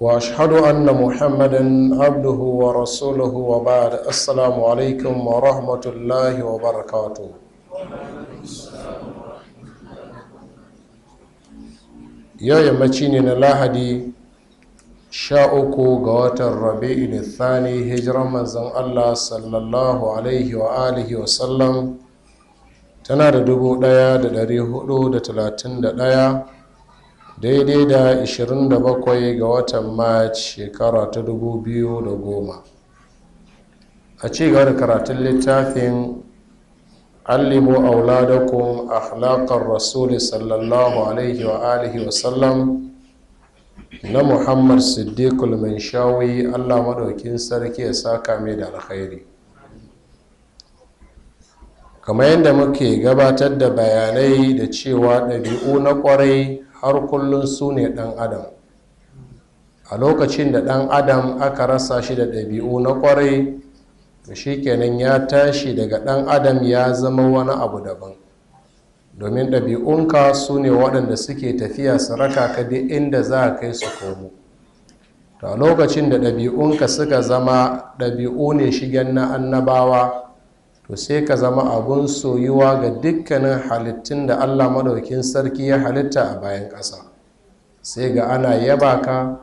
Wa shi hadu annum Muhammadan Abdullahi wa Rasuluhu wa ba'a da asalamu alaikum wa rahmatullahi wa barkatu. Yau yammaci ne na Lahadi, sha uku ga watan Rabi'u Nisa, ne hijiran manzan Allah (S.A.W) tana da dubu ɗaya da dari hudu da talatin da ɗaya. daidai da 27 ga watan march shekara ta 2010 a cigaba da karatun littafin allimu auladakum akhlaqar rasuli sallallahu alaihi wa alihi wa sallam na muhammad siddiqul manshawi allah madaukin sarki ya saka mai da alkhairi kamar yadda muke gabatar da bayanai da cewa ɗabi'u na ƙwarai har kullum su ne ɗan adam a lokacin da ɗan adam aka rasa shi da ɗabi'u na ƙwarai shi kenan ya tashi daga ɗan adam ya zama wani abu daban domin ɗabi'unka su ne waɗanda suke tafiya su raka ka duk inda za a kai su komo to lokacin da ɗabi'unka suka zama ɗabi'u ne shigen na annabawa to sai ka zama abun soyuwa ga dukkanin halittun da allah maɗaukin sarki ya halitta a bayan ƙasa sai ga ana yaba ka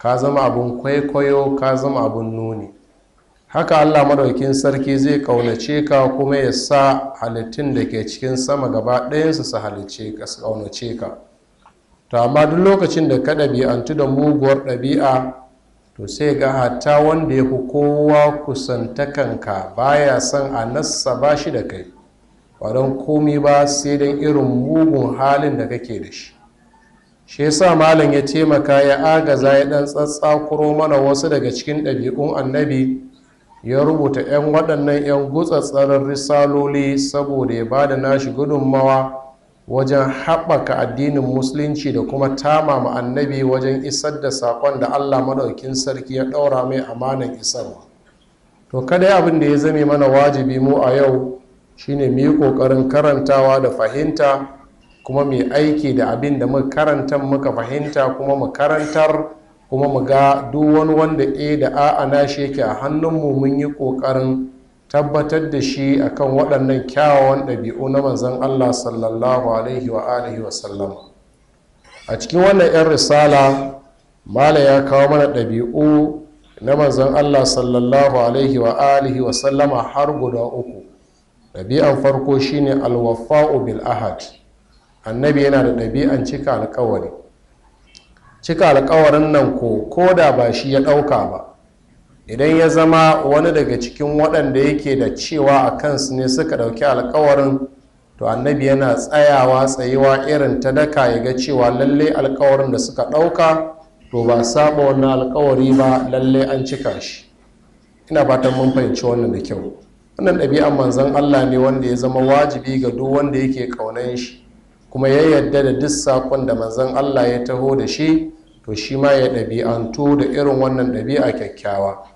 ka zama abun kwaikwayo ka zama abun nuni haka allah maɗaukin sarki zai ƙaunace ka kuma ya sa halittun da ke cikin sama gaba ɗayansu su ƙaunace ka to amma duk lokacin da ka ɗabi'antu da muguwar ɗabi'a to sai ga hata wanda ya fi kowa kusantakanka baya san a nasa ba shi da kai ba komi ba sai don irin mugun halin da kake da shi shi yasa malam ya taimaka ya agaza ya dan tsatsakuro mana wasu daga cikin ɗabi'un annabi ya rubuta 'yan waɗannan 'yan gutsatsarin risaloli saboda ya ba da nashi gudunmawa wajen haɓaka addinin musulunci da kuma tamama annabi wajen isar da saƙon da allah maɗaukin sarki ya ɗaura mai amanan isarwa to kada abin da ya zame mana wajibi mu a yau shine mu yi ƙoƙarin karantawa da fahimta kuma mu aiki da abin da mu karanta muka fahimta kuma mu karantar kuma mu ga duk wani wanda e da a'a na shi yake a hannunmu mun yi ƙoƙarin tabbatar da shi a kan waɗannan kyawawan ɗabi'u na manzan allah sallallahu alaihi wa alihi wa sallama a cikin wannan 'yan risala mala ya kawo mana ɗabi'u na manzan allah sallallahu alaihi wa alihi wa sallama har guda uku ɗabi'an farko shine alwafa'u bil ahad annabi yana da ɗabi'an cika alkawari cika alkawarin nan ko ko da ba shi ya ɗauka ba idan ya zama wani daga cikin waɗanda yake da cewa a kansu ne suka ɗauki alkawarin to annabi yana tsayawa tsayewa irin ta daka ya ga cewa lalle alkawarin da suka ɗauka to ba saba wannan alkawari ba lalle an cika shi ina fatan mun fahimci wannan da kyau wannan ɗabi'an manzon allah ne wanda ya zama wajibi ga duk wanda yake ƙaunan shi kuma ya yarda da duk saƙon da manzon allah ya taho da shi to shi ma ya ɗabi'antu da irin wannan ɗabi'a kyakkyawa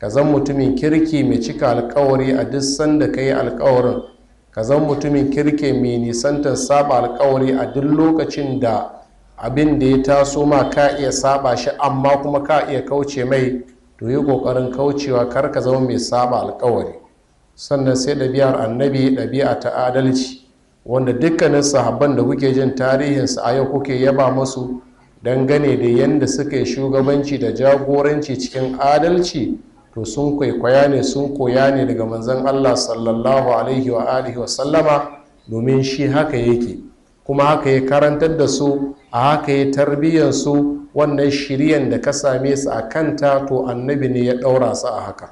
ka zan mutumin kirki mai cika alkawari a duk sanda ka yi alkawarin ka zan mutumin kirki mai nisantar saba alkawari a duk lokacin da abin da ya taso ma ka iya saba shi amma kuma ka iya kauce mai to yi kokarin kaucewa kar ka zama mai saba alkawari sannan sai ɗabi'ar annabi ɗabi'a ta adalci wanda dukkanin sahabban da kuke jin tarihinsu a yau kuke yaba masu dangane da yadda suka yi shugabanci da jagoranci cikin adalci to sun kwaikwaya ne sun koya ne daga manzan allah sallallahu alaihi wa alihi wa sallama domin shi haka yake kuma haka ya karantar da su a haka ya tarbiyyar su wannan shiryan da ka same su a kanta to annabi ne ya ɗaura su a haka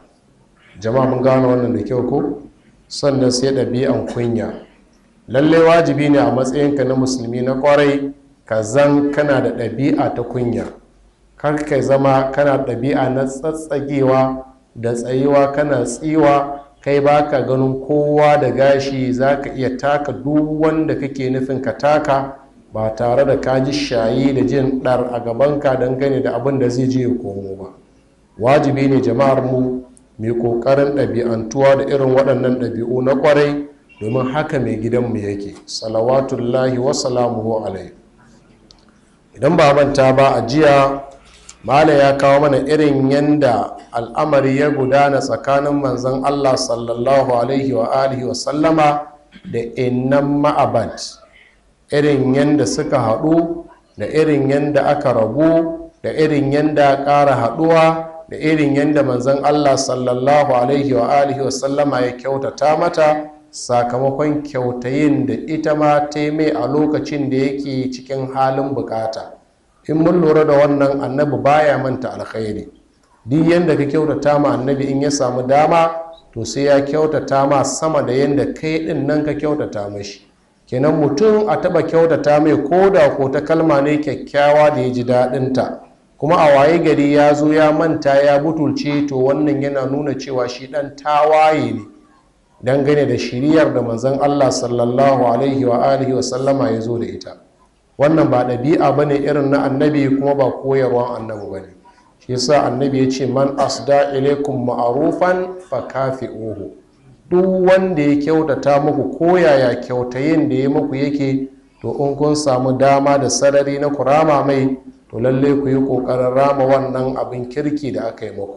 jama'a mun gano wannan da kyau ko sannan sai ɗabi'an kunya lalle wajibi ne a matsayinka na musulmi na kwarai ka zan kana da ɗabi'a ta kunya kar ka zama kana ɗabi'a na tsatsagewa da tsayuwa kana tsiwa kai baka ganin kowa da gashi za ka iya taka duk wanda kake nufin ka taka ba tare da ka ji shayi da jin dar a gabanka dangane da abin da zai je komo ba wajibi ne jama'ar mu mai ƙoƙarin ɗabi'antuwa da irin waɗannan ɗabi'u na ƙwarai domin haka mai gidanmu yake salawatullahi wa salamuhu alai idan ba manta ba a jiya mala ya kawo mana irin yanda al'amari ya gudana tsakanin manzon allah sallallahu alaihi wa alihi wa sallama da innan ma'abad irin yanda suka haɗu da irin yanda aka rabu da irin yanda ƙara haɗuwa da irin yanda manzon allah sallallahu alaihi wa alihi wa sallama ya kyautata mata sakamakon kyautayin da ita ma ta mai a lokacin da yake cikin halin bukata in mun lura da wannan annabi baya manta alkhairi duk yadda ka kyautata ma annabi in ya samu dama to sai ya kyautata ma sama da yadda kai din nan ka kyautata mashi kenan mutum a taba kyautata mai ko da ko ta kalma ne kyakkyawa da ya ji daɗinta kuma a waye gari ya zo ya manta ya butulce to wannan yana nuna cewa shi ɗan tawaye ne dangane da shiriyar da manzon allah sallallahu alaihi wa alihi wa sallama ya zo da ita wannan ba ɗabi'a ba ne irin na annabi kuma ba koyarwan annabi ba ne shi sa annabi ya ce man asda ilaikum ma'arufan fa kafi'uhu duk wanda ya kyautata muku koyaya kyautayin da ya muku yake to in kun samu dama da sarari na ku rama mai to lalle ku yi ƙoƙarin rama wannan abin kirki da aka yi muku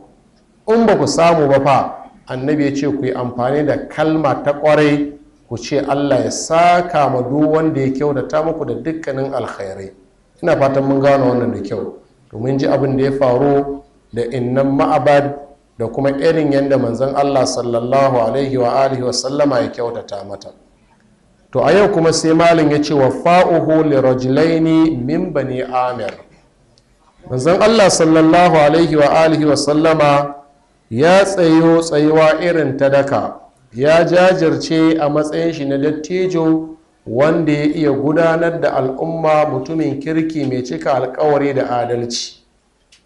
in ba ku samu ba fa annabi ya ce ku yi amfani da kalma ta ƙwarai ku ce allah ya saka ma duk wanda ya kyautata muku da dukkanin alkhairai ina fatan mun gano wannan da kyau domin ji abin da ya faru da innan ma'abad da kuma irin yadda manzon allah sallallahu alaihi wa alihi wa sallama ya kyautata mata to a yau kuma sai malin ya ce wa fa'uhu li rajulaini min bani amir manzon allah sallallahu alaihi wa alihi wa sallama ya tsayo tsayuwa irin ta daka ya jajirce a matsayin shi na dattijo wanda ya iya gudanar da al'umma mutumin kirki mai cika alkawari da adalci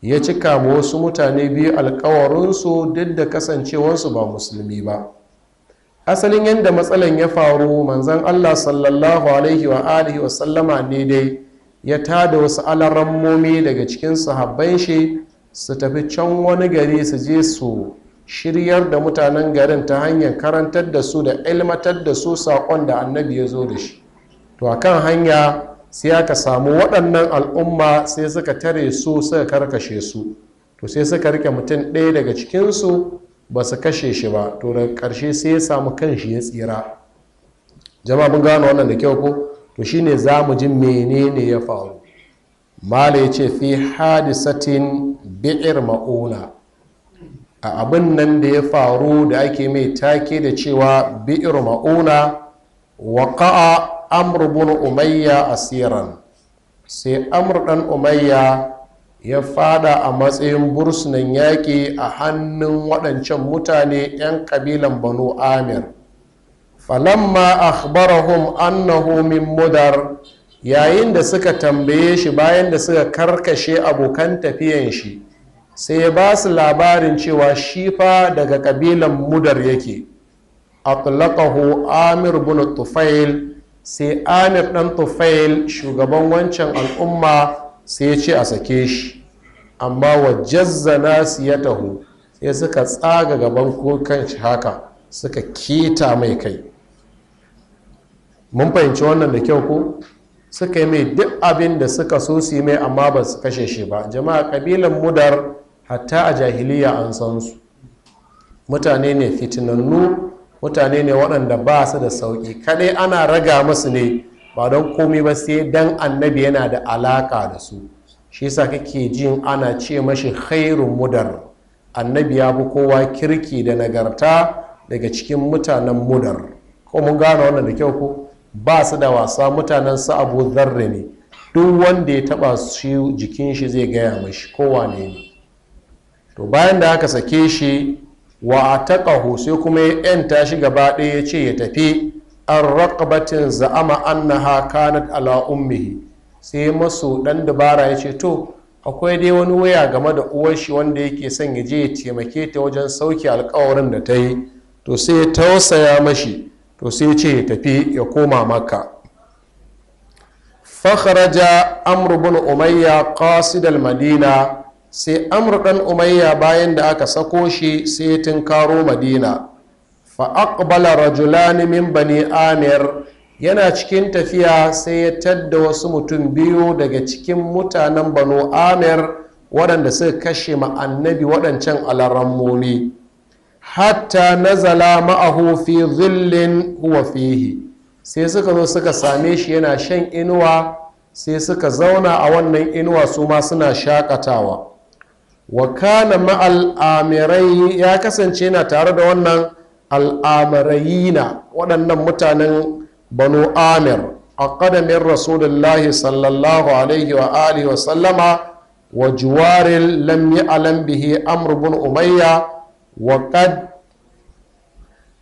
ya cika ma wasu mutane biyu alkawarinsu duk da kasancewarsu ba musulmi ba asalin yadda matsalan ya faru manzan allah sallallahu alaihi wa alihi sallama ne dai ya tada wasu alarammomi daga cikin sahabban shi su tafi can wani gari su je su shiryar da mutanen garin ta hanyar karantar da su da ilmatar da su saƙon da annabi ya zo da shi to a kan hanya sai aka samu waɗannan al'umma sai suka tare su suka karkashe su to sai suka rike mutum ɗaya daga cikinsu ba su kashe shi ba to daga ƙarshe sai ya samu kan shi ya tsira jama'a mun gano wannan da kyau ko to shine za mu ji menene ya faru mala ya ce fi hadisatin bi'ir ma'una a abin nan da ya faru da ake mai take da cewa bi'ir ma'una ka'a amr bin umayya asiran sai amr ɗan umayya ya fada a matsayin bursunan yaƙi a hannun waɗancan mutane 'yan ƙabilan banu amir falamma akhbarahum annahu min mudar yayin da suka tambaye shi bayan da suka karkashe abokan tafiyan shi sai ya ba su labarin cewa shifa daga kabilan mudar yake atlaqahu amir bin tufail sai amir dan tufail shugaban wancan al'umma sai ya ce a sake shi amma wa ya taho sai suka tsaga gaban kokan shi haka suka keta mai kai mun fahimci wannan da kyau ko suka yi mai duk abin da suka so su yi mai amma ba su kashe shi ba jama'a kabilan mudar hatta a jahiliya an san su mutane ne fitinannu mutane ne waɗanda ba su da sauƙi kaɗai ana raga musu ne ba don komi ba sai dan annabi yana da alaƙa da su shi yasa kake jin ana ce mashi khairun mudar annabi ya fi kowa kirki da nagarta daga cikin mutanen mudar ko mun gane wannan da kyau ko ba su da wasa mutanen su abu zarre ne duk wanda ya taba su jikin shi zai gaya mashi kowa ne ne to bayan da aka sake shi wa a taƙahu sai kuma ya yanta shi gaba ɗaya ya ce ya tafi an raƙabatin za'ama annaha kanat ala ummihi sai masu ɗan dabara ya ce to akwai dai wani waya game da uwar shi wanda yake son ya je ya taimake ta wajen sauke alkawarin da ta yi to sai ya tausaya mashi to sai ya ce ya tafi ya koma maka fakhraja amr bin umayya qasid al-madina sai amur dan umayya bayan da aka sako shi sai tunkaro madina fa aqbala rajulani min bani amir yana cikin tafiya sai ya tadda wasu mutum biyu daga cikin mutanen banu amir waɗanda suka kashe ma'annabi waɗancan alarammomi hatta nazala ma'ahu fi zillin huwa fihi sai suka zo suka same shi yana shan inuwa sai suka zauna a wannan inuwa su ma suna shakatawa wa kana ya kasance yana tare da wannan al'amarayina waɗannan mutanen banu amir a ƙadamin rasulullahi sallallahu alaihi wa alihi wa sallama wa juwarin lam bihi amr umayya wa qad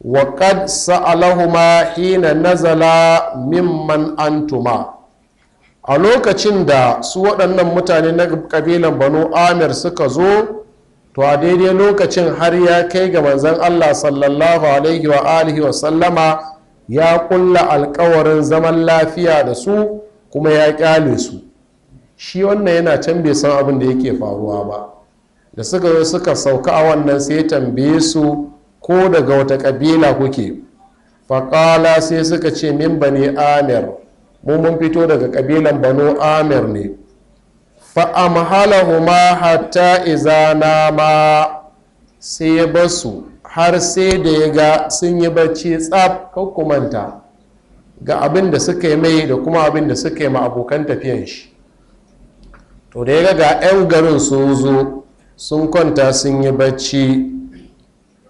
wa qad sa'alahuma hina nazala mimman antuma a lokacin da su waɗannan mutane na ƙabilan banu amir suka zo to a daidai lokacin har ya kai ga manzan allah sallallahu alaihi wa alihi wa sallama ya ƙulla alkawarin zaman lafiya da su kuma ya ƙyale su shi wannan yana can bai san abin da yake faruwa ba da suka zo suka sauka a wannan sai tambaye su ko daga wata ƙabila kuke faƙala sai suka ce min bani amir mu mun fito daga kabilan banu amir ne fa hatta iza nama sai ya basu har sai da ya ga sun yi bacci tsaf kakkumanta ga abin da suka yi mai da kuma abin da suka yi ma abokan tafiyan shi to da ya ga ga 'yan garin sun zo sun kwanta sun yi bacci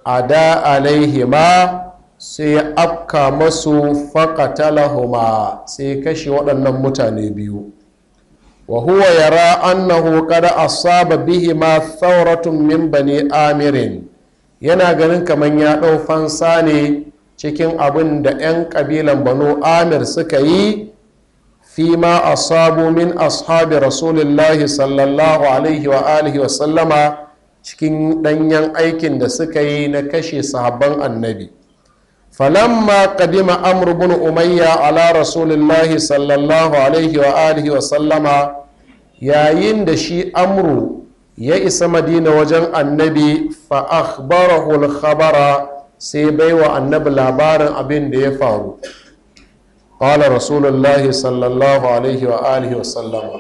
a da alaihima sai ya afka masu faƙatalahuma sai kashe waɗannan mutane biyu wa huwa yara annahu a asaba bihi ma tsauratun min bani amirin yana ganin kamar ya ɗau fansa ne cikin abin da 'yan ƙabilan banu amir suka yi fi ma asabu min ashabi rasulullahi sallallahu alaihi wa alihi wa sallama cikin ɗanyen aikin da suka yi na kashe sahabban annabi falamma kadima amr bin umayya ala rasulillahi sallallahu alaihi wa wa sallama yayin da shi amru ya isa madina wajen annabi fa akhbarahu al-khabara sai baiwa annabi labarin abin da ya faru qala rasulullahi sallallahu alaihi wa wa sallama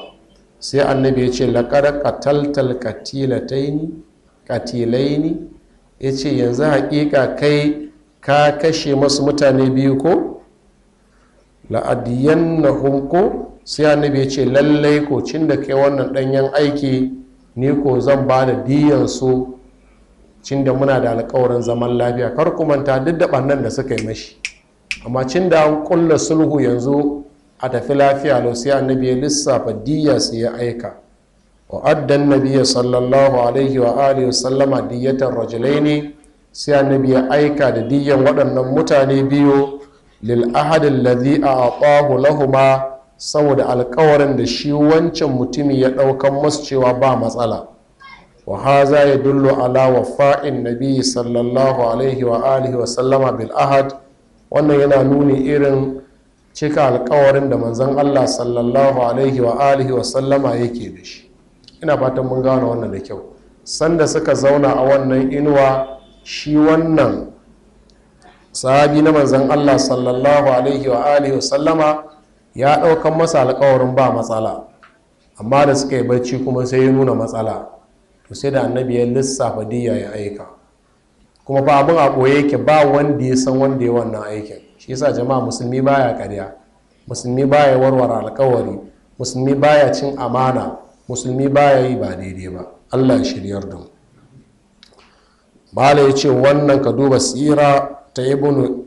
sai annabi ya ce laqad qataltal qatilataini qatilaini yace yanzu haƙiƙa kai ka kashe masu mutane biyu ko na hunko sai annabi ya ce lallai ko cin da kai wannan ɗanyen aiki ni ko zan ba da diyan su cin da muna da alkawarin zaman lafiya kar ku manta duk da ɓannan da suka yi mashi amma cin da an ƙulla sulhu yanzu a tafi lafiya lo sai annabi ya lissafa diya su ya aika wa addan nabiyya sallallahu alaihi wa alihi wa sallama diyatan rajulaini sai annabi ya aika da diyan waɗannan mutane biyu lil ahadin ladhi a lahuma saboda alkawarin da shi wancan mutumi ya ɗaukan masu cewa ba matsala wa haza ya dullo ala wafa'in nabi sallallahu alaihi wa alihi wa sallama bil ahad wannan yana nuni irin cika alkawarin da manzon allah sallallahu alaihi wa alihi wa sallama yake da shi ina fatan mun gane wannan da kyau sanda suka zauna a wannan inuwa shi wannan sahabi na manzan allah sallallahu alaihi wa alihi wa sallama ya ɗaukan masa alkawarin ba matsala amma da suka yi barci kuma sai ya nuna matsala to sai da annabi ya lissafa diya ya aika kuma ba abin a ɓoye yake ba wanda ya san wanda ya wannan aikin shi yasa jama'a musulmi baya karya musulmi baya warware alkawari musulmi baya cin amana musulmi baya yi ba daidai ba allah shiryar da mu bala ya ce wannan ka duba tsira ta ibn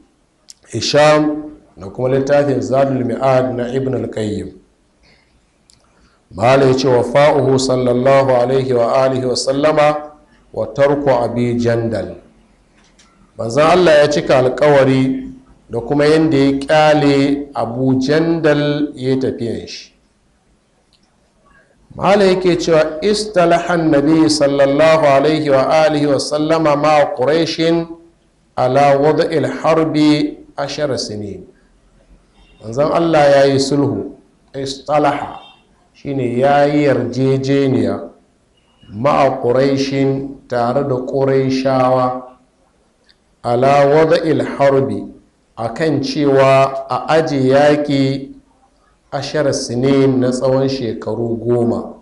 isham da kuma littafin zadul mi'ad na ibn al-qayyim bala ya ce wa fa'uhu sallallahu alaihi wa alihi wa sallama wa tarko abi jandal za allah ya cika alkawari da kuma yadda ya kyale abu jandal ya tafiyan shi mahala yake cewa istalahan nabi sallallahu alaihi wa alihi wa sallama ma quraishin ala ilharbi harbi sinin manzon Allah ya yi sulhu istalaha shine ya yi yarjejeniya ma'a ƙuraishin tare da quraishawa ala ilharbi harbi akan cewa a aji yaƙi ashar sinin na tsawon shekaru goma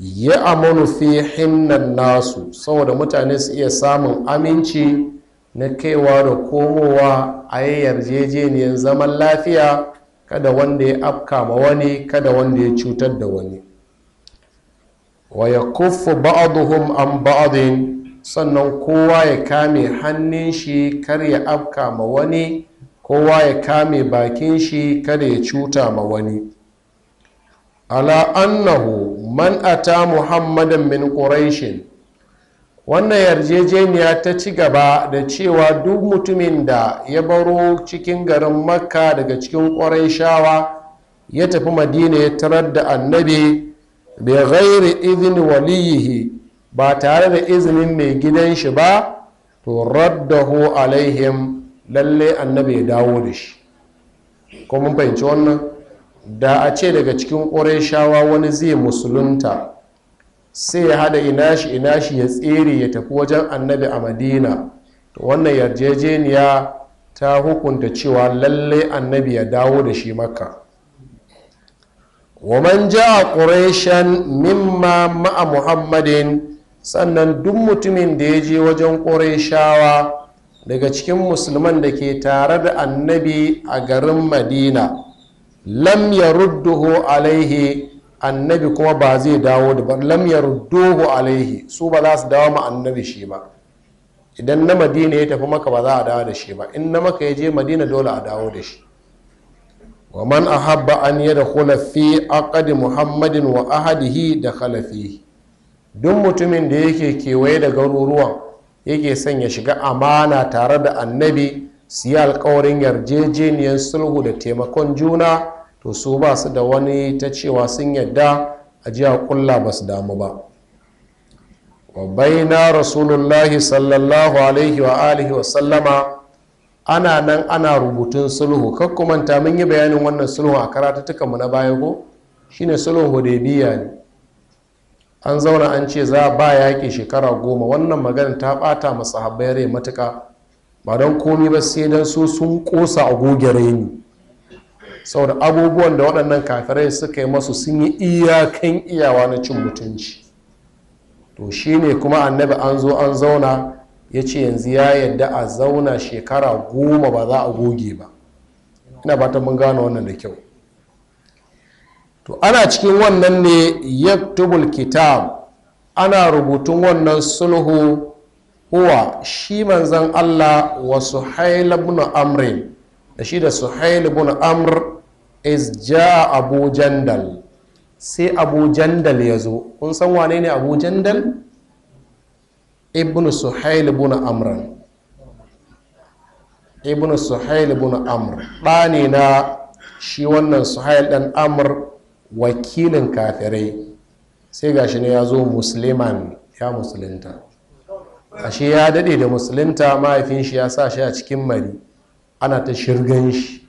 ya amonu fi hinnan nasu saboda mutane su iya samun aminci na kaiwa da komowa a yi yarjejeniyar zaman lafiya kada wanda ya afka ma wani kada wanda ya cutar da wani wa ya kuffu ba'aduhum an ba'adin sannan kowa ya kame hannun shi kar ya afka ma wani kowa ya kame bakin shi kada ya cuta ma wani ala annahu man ata muhammadan min quraishin wannan yarjejeniya ta ci gaba da cewa duk mutumin da ya baro cikin garin makka daga cikin ƙwarai ya tafi madina ya tarar da annabi bai ghairi izini waliyihi ba tare da izinin mai gidan shi ba to raddahu alaihim lalle annabi ya dawo da shi ko mun fahimci wannan da a ce daga cikin shawa wani zai musulunta sai ya hada inashi-inashi ya tsere ya tafi wajen annabi a madina to wannan yarjejeniya ta hukunta cewa lalle annabi ya dawo da shi makka waman ja a ƙureshen mimma ma'a muhammadin sannan duk mutumin da ya je wajen ƙureshawa daga cikin musulman da ke tare da annabi a garin madina lam yarudduhu alaihi annabi kuma ba zai dawo da ba lam yarudduhu alaihi su ba za su dawo ma annabi shi ba idan na madina ya tafi maka ba za a dawo da shi ba in na maka ya je madina dole a dawo da shi wa man ahabba an hulafi fi aqdi muhammadin wa ahadihi da khalafi duk mutumin da yake kewaye da garuruwan yake son ya shiga amana tare da annabi su yi alkawarin yarjejeniyar sulhu da taimakon juna to su ba su da wani ta cewa sun yadda a jiya kulla ba su damu ba wa baina rasulullahi sallallahu alaihi wa alihi wa sallama ana nan ana rubutun sulhu kakkumanta mun yi bayanin wannan sulhu a mu na baya ko shine sulhu hudaybiya ne an zauna an ce za ba yaƙi shekara goma wannan magana ta ɓata masu habayar rai matuka ba don komi ba sai don su sun ƙosa a goge raini saboda abubuwan da waɗannan kafirai suka yi masu sun yi iyakan iyawa na cin mutunci to shi ne kuma annabi an zo an zauna ya ce yanzu ya yadda a zauna shekara goma ba za a goge ba ina ba ta mun gane wannan da kyau to ana cikin wannan ne tubul kitab ana rubutun wannan sulhu huwa shi manzan allah wa suhail ibn amrin da shi da suhail ibn amr is ja abu jandal sai abu jandal ya zo kun san wane ne abu jandal ibn suhail ibn amran ibn suhail ibn amr ɗa ne na shi wannan suhail ɗan amr wakilin kafirai sai gashi ne ya zo musliman ya musulunta ashe ya daɗe da musulunta mahaifin shi ya sa shi a cikin mari ana ta shirgan shi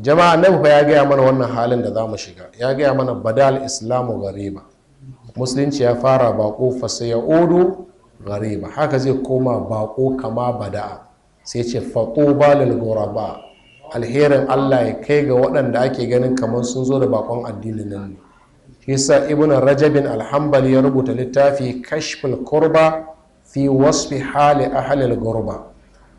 jama'a nan fa ya gaya mana wannan halin da za mu shiga ya gaya mana badal islamu gariba musulunci ya fara bako fasa ya odo gariba haka zai koma bako kama bada'a sai ce faƙo balil goraba alherin allah ya kai ga waɗanda ake ganin kamar sun zo da bakon addinin nan ne yasa ibn rajabin alhambal ya rubuta littafi kashful kurba fi wasfi hali ahalil gurba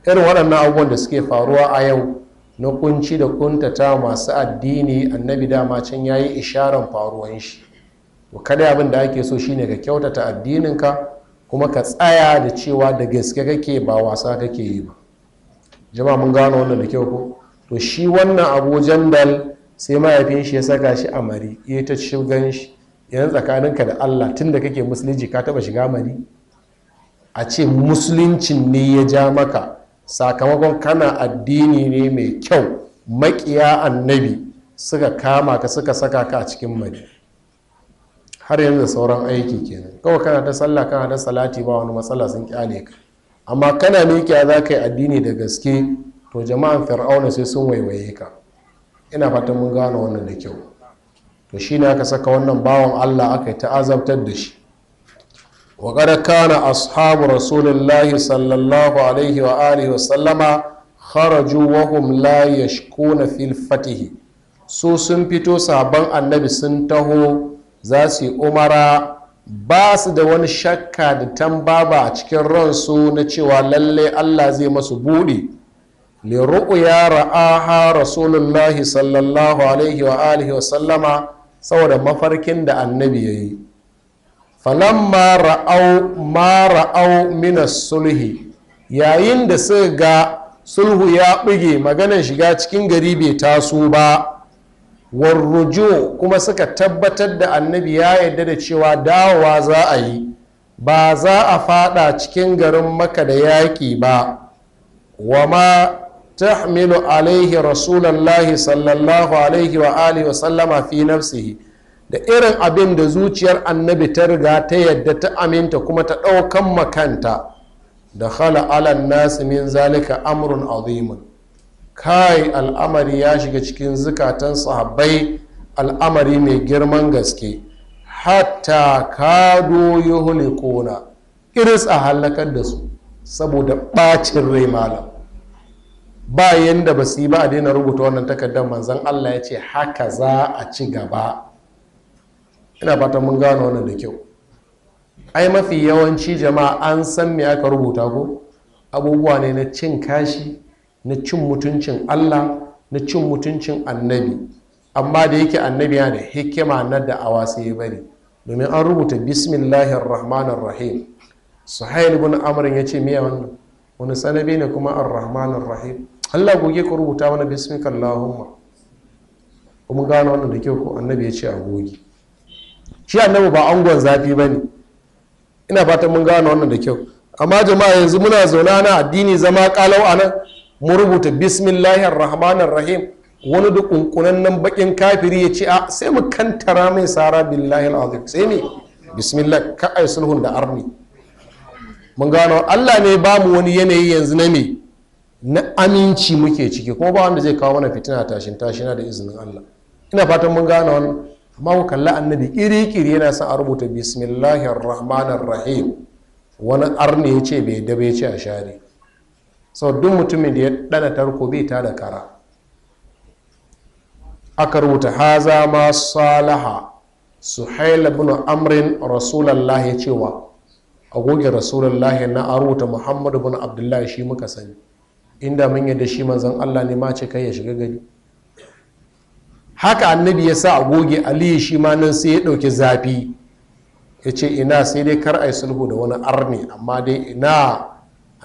irin waɗannan abubuwan da suke faruwa a yau na kunci da kuntata masu addini annabi dama can yayi isharan faruwan shi to kada abin da ake so shine ka kyautata addininka kuma ka tsaya da cewa da gaske kake ba wasa kake yi ba Jama mun gano wannan da kyau ko to shi wannan abu jandal sai mahaifin shi ya saka shi a mari ya ta shigan shi yanzu tsakaninka da allah tun da kake musulunci ka taba shiga mari a ce musuluncin ne ya ja maka sakamakon kana addini ne mai kyau makiya annabi suka kama ka suka saka ka a cikin mari har yanzu sauran aiki kenan kawai kana ta sallah kana ta salati ba wani matsala sun kyale ka amma kana miƙiya za ka yi addini da gaske to jama'an fir'auna sai sun waiwaye ka ina fatan mun gano wannan da kyau to shine aka saka wannan bawan allah aka yi ta azabtar da shi wa kada kana ashabu rasulillahi sallallahu alaihi wa alihi wa sallama kharaju wa hum la yashkuna fil fatihi su sun fito sabon annabi sun taho za su yi umara ba su da wani shakka da tambaba a cikin ransu na cewa lalle allah zai masu buɗe liru'ya ra'aha rasulullahi sallallahu alaihi wa alihi wa sallama saboda mafarkin da annabi ya yi Falon ma ra'au minas sulhi yayin da suka ga sulhu ya buge maganar shiga cikin gari bai taso ba warrujo kuma suka tabbatar da annabi ya yarda da cewa dawowa za a yi ba za a fada cikin garin maka da yaƙi ba wa ma تحمل عليه رسول الله صلى الله عليه وآله وسلم في نفسه da irin abin da zuciyar annabi ta riga ta yadda ta aminta kuma ta ɗaukan makanta da khala alan nasu min zalika amrun azimun kai al'amari ya shiga cikin zukatan sahabbai al'amari mai girman gaske hatta kado yuhulikuna iris a halakar da su saboda ɓacin rai malam ba yanda ba su yi ba a daina rubuta wannan takardar manzan allah ya ce haka za a ci gaba ina fata mun gano wannan da kyau ai mafi yawanci jama'a an san me aka rubuta ko abubuwa ne na cin kashi na cin mutuncin allah na cin mutuncin annabi amma da yake annabi yana da hikima na awa sai ya bari domin an rubuta bismillahir rahmanir rahim suhail ibn amr ya ce me wannan wani sanabi ne kuma ar rahmanir rahim Allah goge ka rubuta mana bismika Allahumma kuma gano wannan da kyau ko annabi ya ce a goge shi annabi ba angon zafi ba ne ina fatan mun gano wannan da kyau amma jama'a yanzu muna zauna na addini zama kalau a nan mu rubuta bismillahir rahmanir rahim wani da nan bakin kafiri ya ce a sai mu kantara mai sara billahi alazim sai ne bismillah ka ai sulhun da arni mun gano Allah ne ba mu wani yanayi yanzu na me na aminci muke ciki kuma ba wanda zai kawo mana fitina tashin tashina da izinin Allah ina fatan mun gane wannan amma ku kalla annabi kiri-kiri yana sa a rubuta bismillahir rahmanir rahim wani arne ya ce bai dabe ya ce a share sau duk mutumin da ya dana tarko bai ta da kara aka rubuta haza ma salaha suhail ibn amrin rasulullahi cewa a goge rasulullahi na a rubuta muhammadu bin abdullahi shi muka sani inda mun yadda shi manzan allah ne ma ce kai ya shiga gari haka annabi ya sa a goge aliyu shi ma nan sai ya ɗauki zafi ya ce ina sai dai kar a yi sulhu da wani arni amma dai ina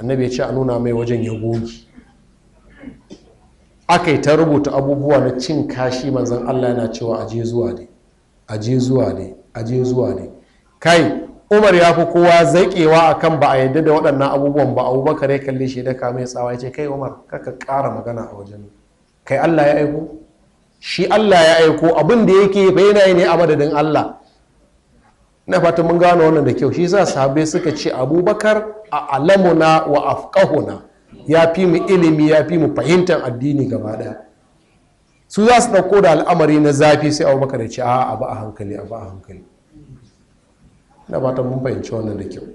annabi ya ce a nuna mai wajen ya goge aka yi ta rubuta abubuwa na cin kashi manzan allah yana cewa aje zuwa zuwa ne aje zuwa ne kai umar ya fi kowa zaƙewa kan ba a yadda da waɗannan abubuwan ba abubakar ya kalli shi da ya tsawa ya ce kai umar kaka ƙara magana a wajen kai allah ya aiko shi allah ya aiko abin da yake yana ne a madadin allah na fata mun gano wannan da kyau shi sa sahabbai suka ce abubakar a alamuna wa afqahuna ya fi mu ilimi ya fi mu fahimtar addini gaba su za su ɗauko da al'amari na zafi sai abubakar ya ce a'a ba a hankali a ba a hankali ina ba ta mun fahimci wannan da kyau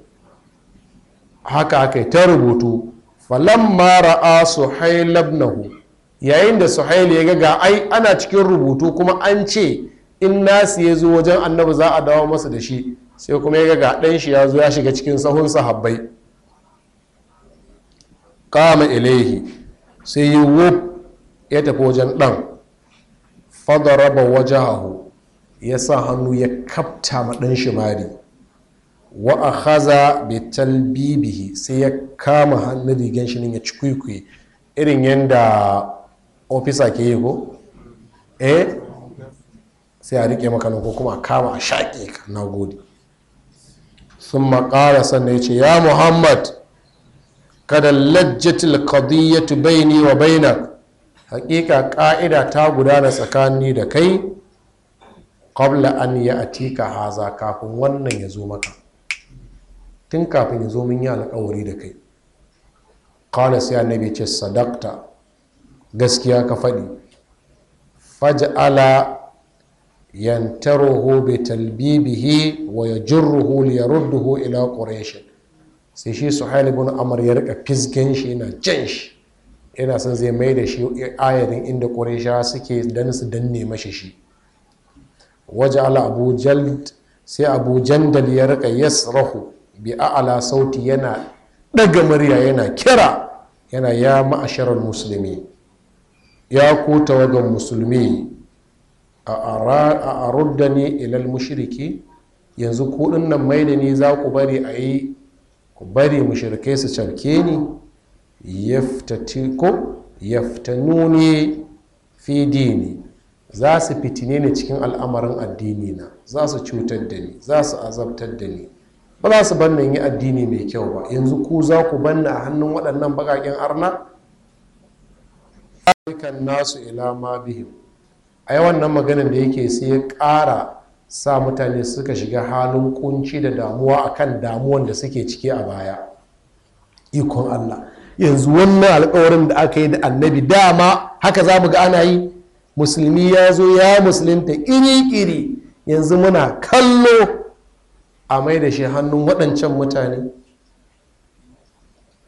haka aka yi ta rubutu falamma ra'a suhail ibnahu yayin da suhail ya ga ga ai ana cikin rubutu kuma an ce in nasu ya zo wajen annabi za a dawo masa da shi sai kuma ya ga ga ɗan shi ya zo ya shiga cikin sahun sahabbai kama ilaihi sai yi wuf ya tafi wajen ɗan fadaraba wajahu ya sa hannu ya kapta ma ɗan shi wa a haza talbibihi sai ya kama hannun rigan shi ya ci kwikwi irin yadda ofisa ke yi ko eh sai a rike maka ko kuma a kama a shaƙe ka na gode sun makara sannan ya ce ya muhammad kada lajjatil qadiyyatu ne wa bainak hakika ka'ida ta gudana tsakani da kai qabla an a tika haza kafin wannan ya zo maka tun kafin ya zo min yi alkawari da kai qala sai annabi ce sadakta gaskiya ka faɗi faj'ala yantaruhu bi talbibihi wa jirruhu li yarudduhu ila quraish sai shi suhail ibn amr ya rika fisgen shi yana jan shi yana son zai mai da shi ayarin inda quraisha suke dan su danne mashi shi waje ala abu jald sai abu jandal ya rika yasrahu bi a'ala sauti yana daga murya yana kira yana ya ma'asharar musulmi ya ku tawagan musulmi a arudda ne ilal mushiriki yanzu kuɗin nan mai da ni za ku bari a yi ku bari mushirikai su carke ni yaftanu ne fi dini za su fitine ni cikin al'amarin addini na za su cutar da ni za su azabtar da ni ba za su banna yi addini mai kyau ba yanzu ku za ku banna a hannun waɗannan baƙaƙen arna kan nasu ila ma bihim a yawan nan maganin da yake sai ya ƙara sa mutane suka shiga halin kunci da damuwa akan damuwan da suke ciki a baya ikon allah yanzu wannan alkawarin da aka yi da annabi dama haka za mu ga ana yi musulmi ya zo ya musulunta iri-iri yanzu muna kallo a mai da shi hannun waɗancan mutane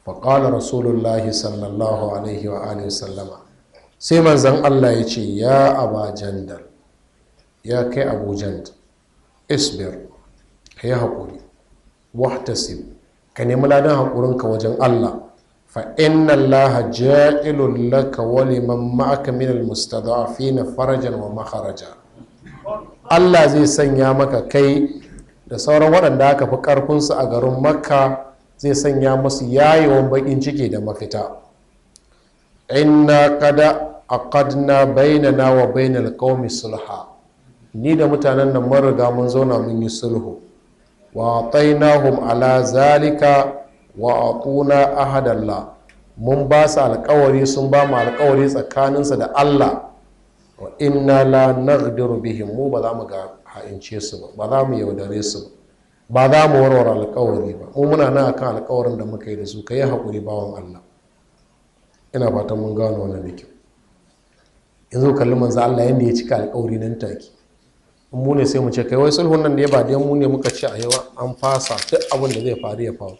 faƙalar rasulullahi sallallahu alaihi wa alihi sallama sai manzan allah ya ce ya abu jandal ya kai abu jandal isbir ka yi haƙuri wahtasib ka nemi ladan haƙurinka wajen allah fa inna allaha ja'ilun laka wa liman ma'aka min almustada'afina farajan wa maharaja allah zai sanya maka kai da sauran waɗanda aka fi ƙarfinsu a garin makka zai sanya musu yayewan baƙin ciki da mafita inna kada aqadna bainana wa bainal qaumi sulha ni da mutanen nan mun riga mun zauna mun yi sulhu wa atainahum ala zalika wa atuna ahadallah mun ba su alkawari sun ba mu alkawari tsakaninsa da Allah wa inna la naghdiru bihim mu ba za mu ga ha'ince su ba ba za mu yaudare su ba ba za mu warware alkawari ba mu muna nan akan alkawarin da muka yi da su ka yi haƙuri bawan allah ina fatan mun gano wannan da kyau yanzu kalli manzo allah yadda ya cika alkawari nan take mu ne sai mu ce kai wai sulhun nan da ya ba dai mu ne muka ci a yau an fasa duk abin da zai faru ya faru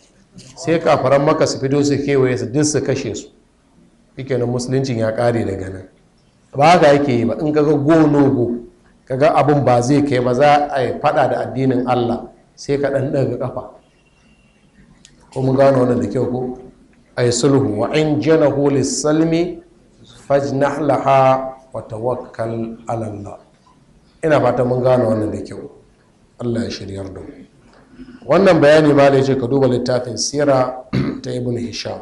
sai kafaran maka su fito su kewaye su duk su kashe su shikenan musuluncin ya kare daga nan ba haka yake yi ba in ka ga no go kaga abin ba zai kai ba za a yi fada da addinin allah sai ka ɗan ɗaga ƙafa ko mun gano wannan da kyau ko a yi sulhu wa in jana holis salmi fajnah laha wa tawakkal alallah ina fata mun gano wannan da kyau allah ya shiryar da wannan bayani ba da ya ce ka duba littafin sira ta ibn hisham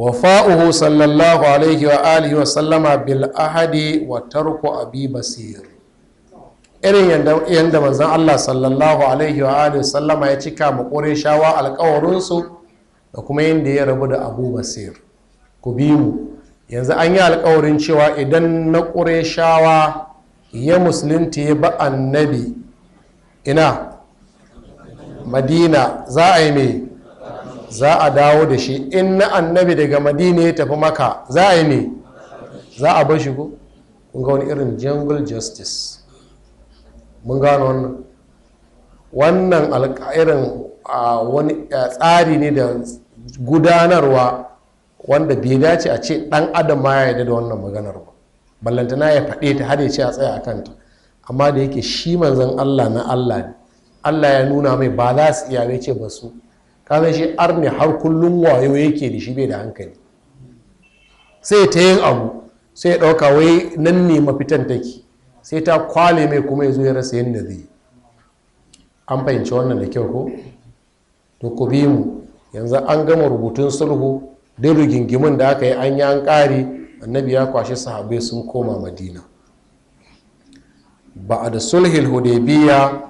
wafa'uhu sallallahu alaihi wa alihi wa sallama bil ahadi wa tarko abi irin yadda manzon Allah sallallahu alaihi wa alihi wa sallama ya cika ma shawa alkawarinsu da kuma yadda ya rabu da abu basir ku bi mu yanzu an yi alkawarin cewa idan na shawa ya musulunta ya ba annabi ina madina za a yi mai za a dawo da shi in na annabi daga madina ya tafi maka za a yi ne za a bar shi ko kun ga wani irin jungle justice mun gano wannan wannan irin wani tsari ne da gudanarwa wanda bai dace a ce dan adam ma ya yarda da wannan maganar ba ballantana ya faɗe ta har ya ce a tsaya a kanta amma da yake shi manzon allah na allah ne allah ya nuna mai ba za su iya ce ba su kaga shi ne har kullum wayo yake da shi bai da hankali sai ta yin abu sai ya ɗauka wai nan ne mafitan take sai ta kwale mai kuma ya zo ya rasa yadda zai an fahimci wannan da kyau ko to ku bi mu yanzu an gama rubutun sulhu da rigingimin da aka yi an yi an ƙare annabi ya kwashe sahabai sun koma madina ba a da sulhul hudaybiya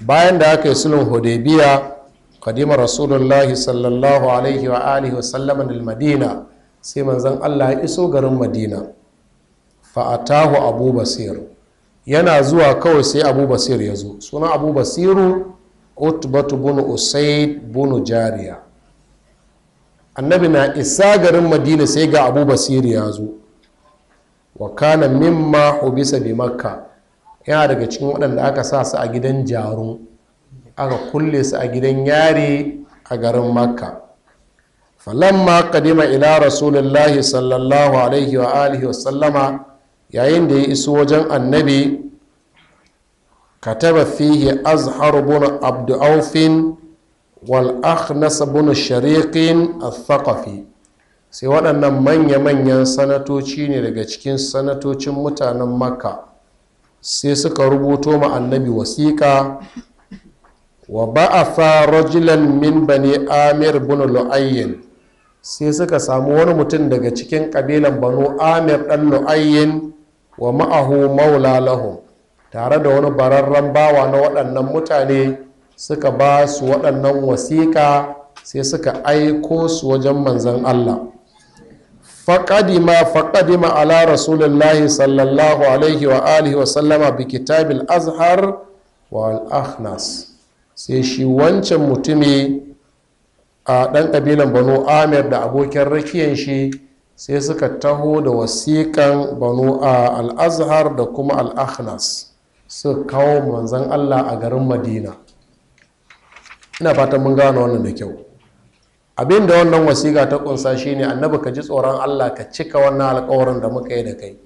bayan da aka yi sulhun hudaybiya kadima rasulullahi sallallahu alaihi wa alihi wa sallama al madina sai manzan Allah ya iso garin madina fa'atahu abu yana zuwa kawai sai abu basir ya zo sunan abu basiru utbatu bunu usaid bunu jariya annabi na isa garin madina sai ga abu basir ya zo wa kana mimma hubisa bi makka yana daga cikin waɗanda aka sa su a gidan jarun aka kulle su a gidan yari a garin makka falamma kadima ila rasulullahi sallallahu alaihi wa alihi wa sallama yayin da ya iso wajen annabi kataba fihi azhar bin abdu aufin wal akhnas bin shariqin al-thaqafi sai waɗannan manya-manyan sanatoci ne daga cikin sanatocin mutanen makka sai suka rubuto ma annabi wasiƙa wa ba'atha rajulan min bani amir bin lu'ayyin sai suka samu wani mutum daga cikin kabilan banu amir dan lu'ayyin wa ma'ahu maula lahum tare da wani bararren bawa na waɗannan mutane suka ba su waɗannan wasiƙa sai suka aiko su wajen manzan allah faƙadima faƙadima ala rasulullahi sallallahu alaihi wa alihi wa sallama bi kitabil azhar wa al sai shi wancan mutumi a ɗan ƙabilan banu amir da abokin rakiyan shi sai suka taho da wasiƙan banu a al'azhar da kuma al'akhnas su kawo manzan allah a garin madina ina fatan mun gane wannan da kyau abin da wannan wasiƙa ta ƙunsa ne, annabi ka ji tsoron allah ka cika wannan alkawarin da muka yi da kai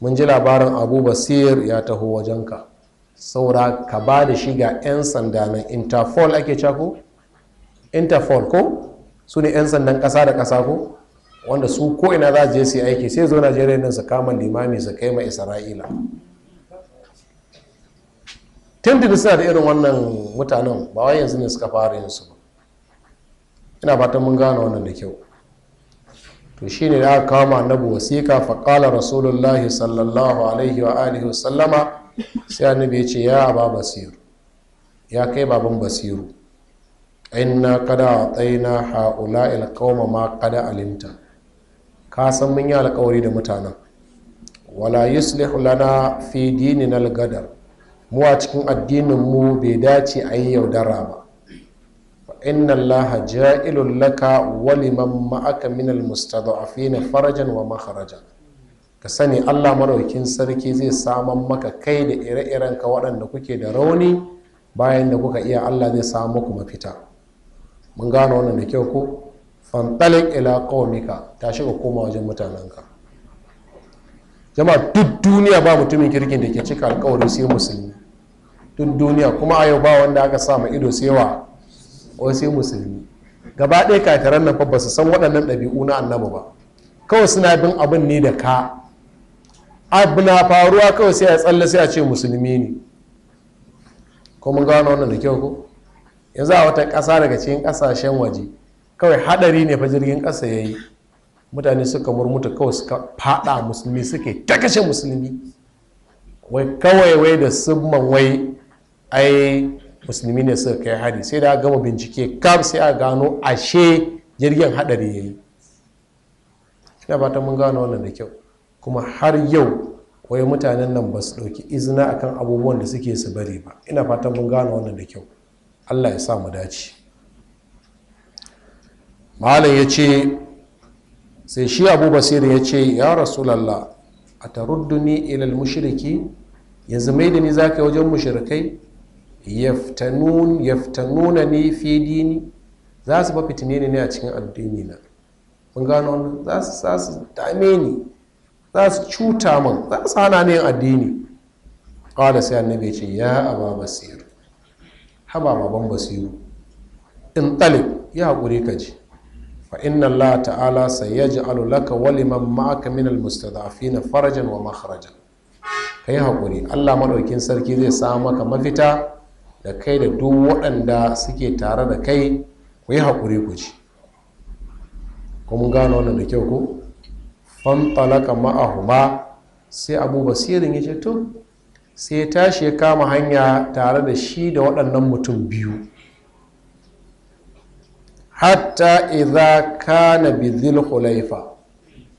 mun ji labarin abu basir ya taho wajenka saura ka ba da shi ga 'yan sanda na interpol ake cako interpol ko su ne 'yan sandan ƙasa da ƙasa ko wanda su ko ina za je su aiki sai zo najeriya nan su kama limami su kai ma isra'ila tuntuni suna da irin wannan mutanen ba wa yanzu ne suka fara yin su ba ina fatan mun gane wannan da kyau to shi ne da aka kama annabi wasiƙa faƙala rasulullahi sallallahu alaihi wa alihi wa sallama sai annabi ya ce ya aba basir ya kai baban basiru inna kada tsaina haula il ma kada alimta ka san mun yi alkawari da mutanen wala yuslihu lana fi dinin al mu a cikin addinin mu bai dace a yi yaudara ba inna allaha ja'ilun laka wa liman ma'aka min al-mustada'afina farajan wa makharajan ka sani allah maraukin sarki zai saman maka kai da ire-iren ka waɗanda kuke da rauni bayan da kuka iya allah zai samu muku mafita mun gano wannan da kyau ko fantalik ila qaumika Ta shiga koma wajen mutanenka jama'a duk duniya ba mutumin kirkin da ke cika alkawari sai musulmi duk duniya kuma a yau ba wanda aka sa ma ido sai wa wai sai musulmi gaba ɗaya kakarar nan fa ba su san waɗannan ɗabi'u na annabi ba kawai suna bin abin ne da ka abu na faruwa kawai sai a tsalle sai a ce musulmi ne ko mun gano wannan da kyau ko yanzu a wata ƙasa daga cikin ƙasashen waje kawai haɗari ne fa jirgin ƙasa ya yi mutane suka murmuta kawai suka faɗa musulmi suke ta kashe musulmi wai kawai wai da summan wai ai musulmi ne suka kai hari sai da gama bincike kam sai a gano ashe jirgin haɗari ya yi ina fatan mun gano wannan da kyau kuma har yau wai mutanen nan ba su ɗauki izina akan abubuwan da suke su bari ba ina fatan mun gano wannan da kyau allah ya sa mu dace malam ya ce sai shi abu basir ya ce ya rasulallah a tarudduni ilal mushriki yanzu mai da ni za ka yi wajen mushrikai yaftanuna ni fi dini za su ba fitine ne a cikin addini na mun gano za su dame ni za su cuta min za su hana ni yin addini ƙwada sai annabi ce ya aba basiru haba baban basiru in ɗalib ya haƙuri ka ji fa inna allah ta'ala sayaj'alu laka wa liman ma'aka min na farajan wa makharajan ka yi haƙuri allah maɗaukin sarki zai samu maka mafita da kai da duk waɗanda suke tare da kai ku yi haƙuri ku ci kun gano wannan da kyau ko fantalaka ma'ahuma sai abu basirin ya ce to sai tashi ya kama hanya tare da shi da waɗannan mutum biyu hatta idza kana bizil hulaifa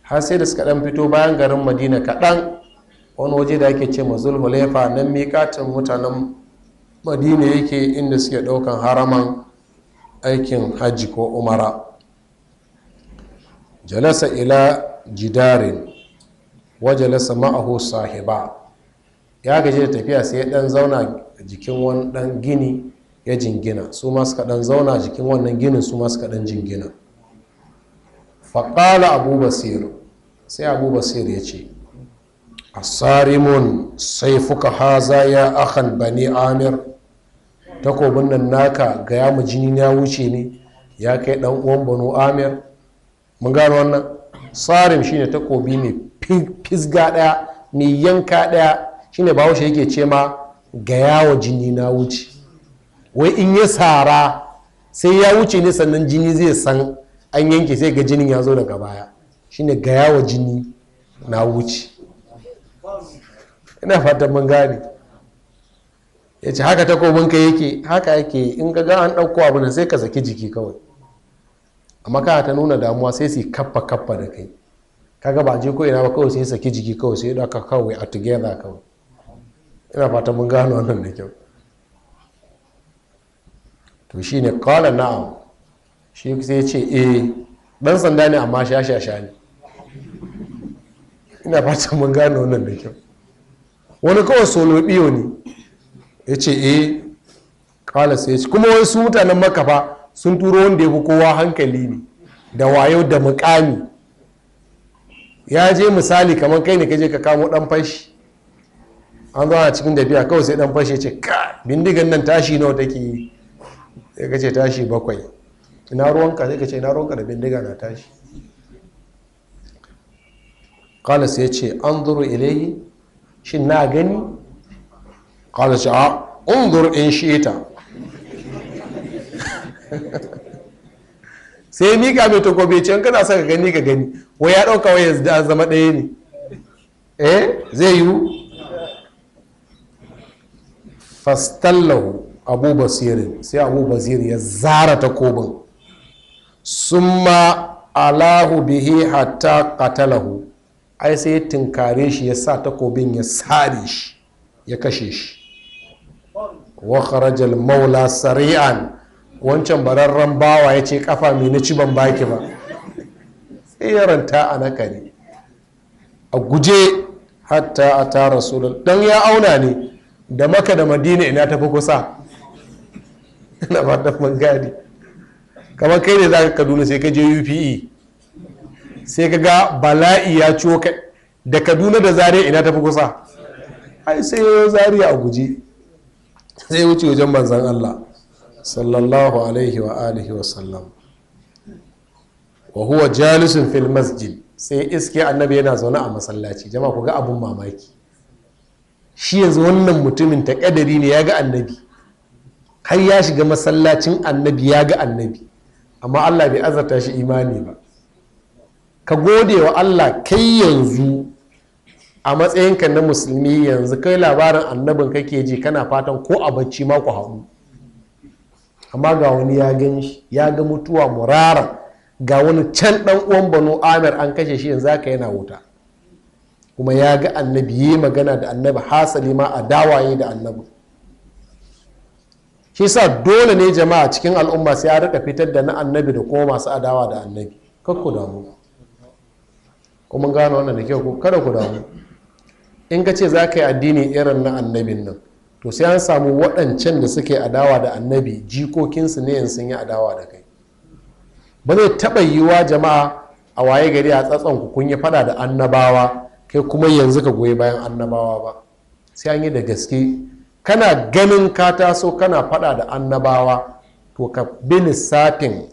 har sai da suka ɗan fito bayan garin madina kaɗan wani waje da ake ce mazul hulaifa nan miƙatin mutanen madina yake inda suke ɗaukan haraman aikin hajji ko umara jalasa ila jidarin wajalasa ma'ahu sahiba ya gaji da tafiya sai ya dan zauna jikin wani dan gini ya jingina su masu kaɗan zauna jikin wannan ginin su masu kaɗan jingina faƙala abu basir sai abu basir ya ce a tsarimun sai fuka haza ya akan bani amir takobin nan naka ga ya mu jini ya wuce ne ya kai dan uwan banu amir mun gano wannan sarim shine takobi mai fisga ɗaya mai yanka ɗaya shine bahaushe yake ce ma ga yawo jini na wuce wai in ya sara sai ya wuce ne sannan jini zai san an yanke sai ga jinin ya zo daga baya shine ga yawo jini na wuce ina fatan mun gane ya ce haka takobinka yake haka yake in ka ga an ɗauko abu sai ka saki jiki kawai amma kana ta nuna damuwa sai su kaffa kaffa da kai kaga ba je ko ina ba kawai sai saki jiki kawai sai ka kawai a together kawai ina fata mun gano wannan da kyau to shine kala na'am shi sai ya ce eh dan sanda ne amma sha sha sha ne ina fata mun gano wannan da kyau wani kawai solo biyo ne ya ce eh kala sai kuma wasu mutanen makafa sun turo wanda ya fi kowa hankali ne da wayo da mukami ya je misali kamar kai ne ka je ka kamo dan fashi an zo a cikin tafiya kawai sai dan fashi ce ka bindigan nan tashi nawa take yi sai ka ce tashi bakwai ina ruwanka sai ka ce ina ruwanka da bindiga na tashi kala sai ce an zuru ilayi shin na gani kala ce a unzur in shi ita sai mika mai takobi ce kana sa gani ga gani wai ya ɗauka wai ya zama ɗaya ne eh zai yiwu fastallahu abu basirin sai abu basiri ya zara takobin summa alahu bihi hatta qatalahu ai sai ya tinkare shi ya sa takobin ya sare shi ya kashe shi wa maula sari'an wancan bararren bawa ya ce kafa mai na ci ban baki ba tsiranta a nakari a guje hatta a ta rasulun dan ya auna ne da maka da madina ina tafi kusa ina ba ta gadi kamar kai ne za ka kaduna sai ka je upe sai ka ga bala'i ya ciwo ka da kaduna da zariya ina tafi kusa ai sai zariya a guje sai wuce wajen manzan allah sallallahu alaihi wa alihi wa sallam wa huwa jalisun fil masjid sai iske annabi yana zaune a masallaci jama'a ku ga abun mamaki shi yanzu wannan mutumin ta kadari ne ya ga annabi har ya shiga masallacin annabi ya ga annabi amma Allah bai azarta shi imani ba ka gode wa Allah kai yanzu a matsayinka na musulmi yanzu kai labarin annabin kake ji kana fatan ko a bacci ma ku haɗu amma ga wani ya gan shi ya ga mutuwa murara ga wani can dan uwan banu amir an kashe shi yanzu haka yana wuta kuma ya ga annabi ya magana da annabi hasali ma a dawaye da annabi shi sa dole ne jama'a cikin al'umma sai ya rika fitar da na annabi da kuma masu adawa da annabi ku damu kuma gano wannan da kyau kada ku damu in ka ce za ka yi addini irin na annabin nan to sai an samu waɗancan da suke adawa da annabi jikokinsu ne sun yi adawa da kai ba zai taɓa yiwuwa jama'a a waye gari a tsatson ku kun yi fada da annabawa kai kuma yanzu ka goyi bayan annabawa ba sai an yi da gaske kana ganin ka taso kana fada da annabawa to ka bi lissafin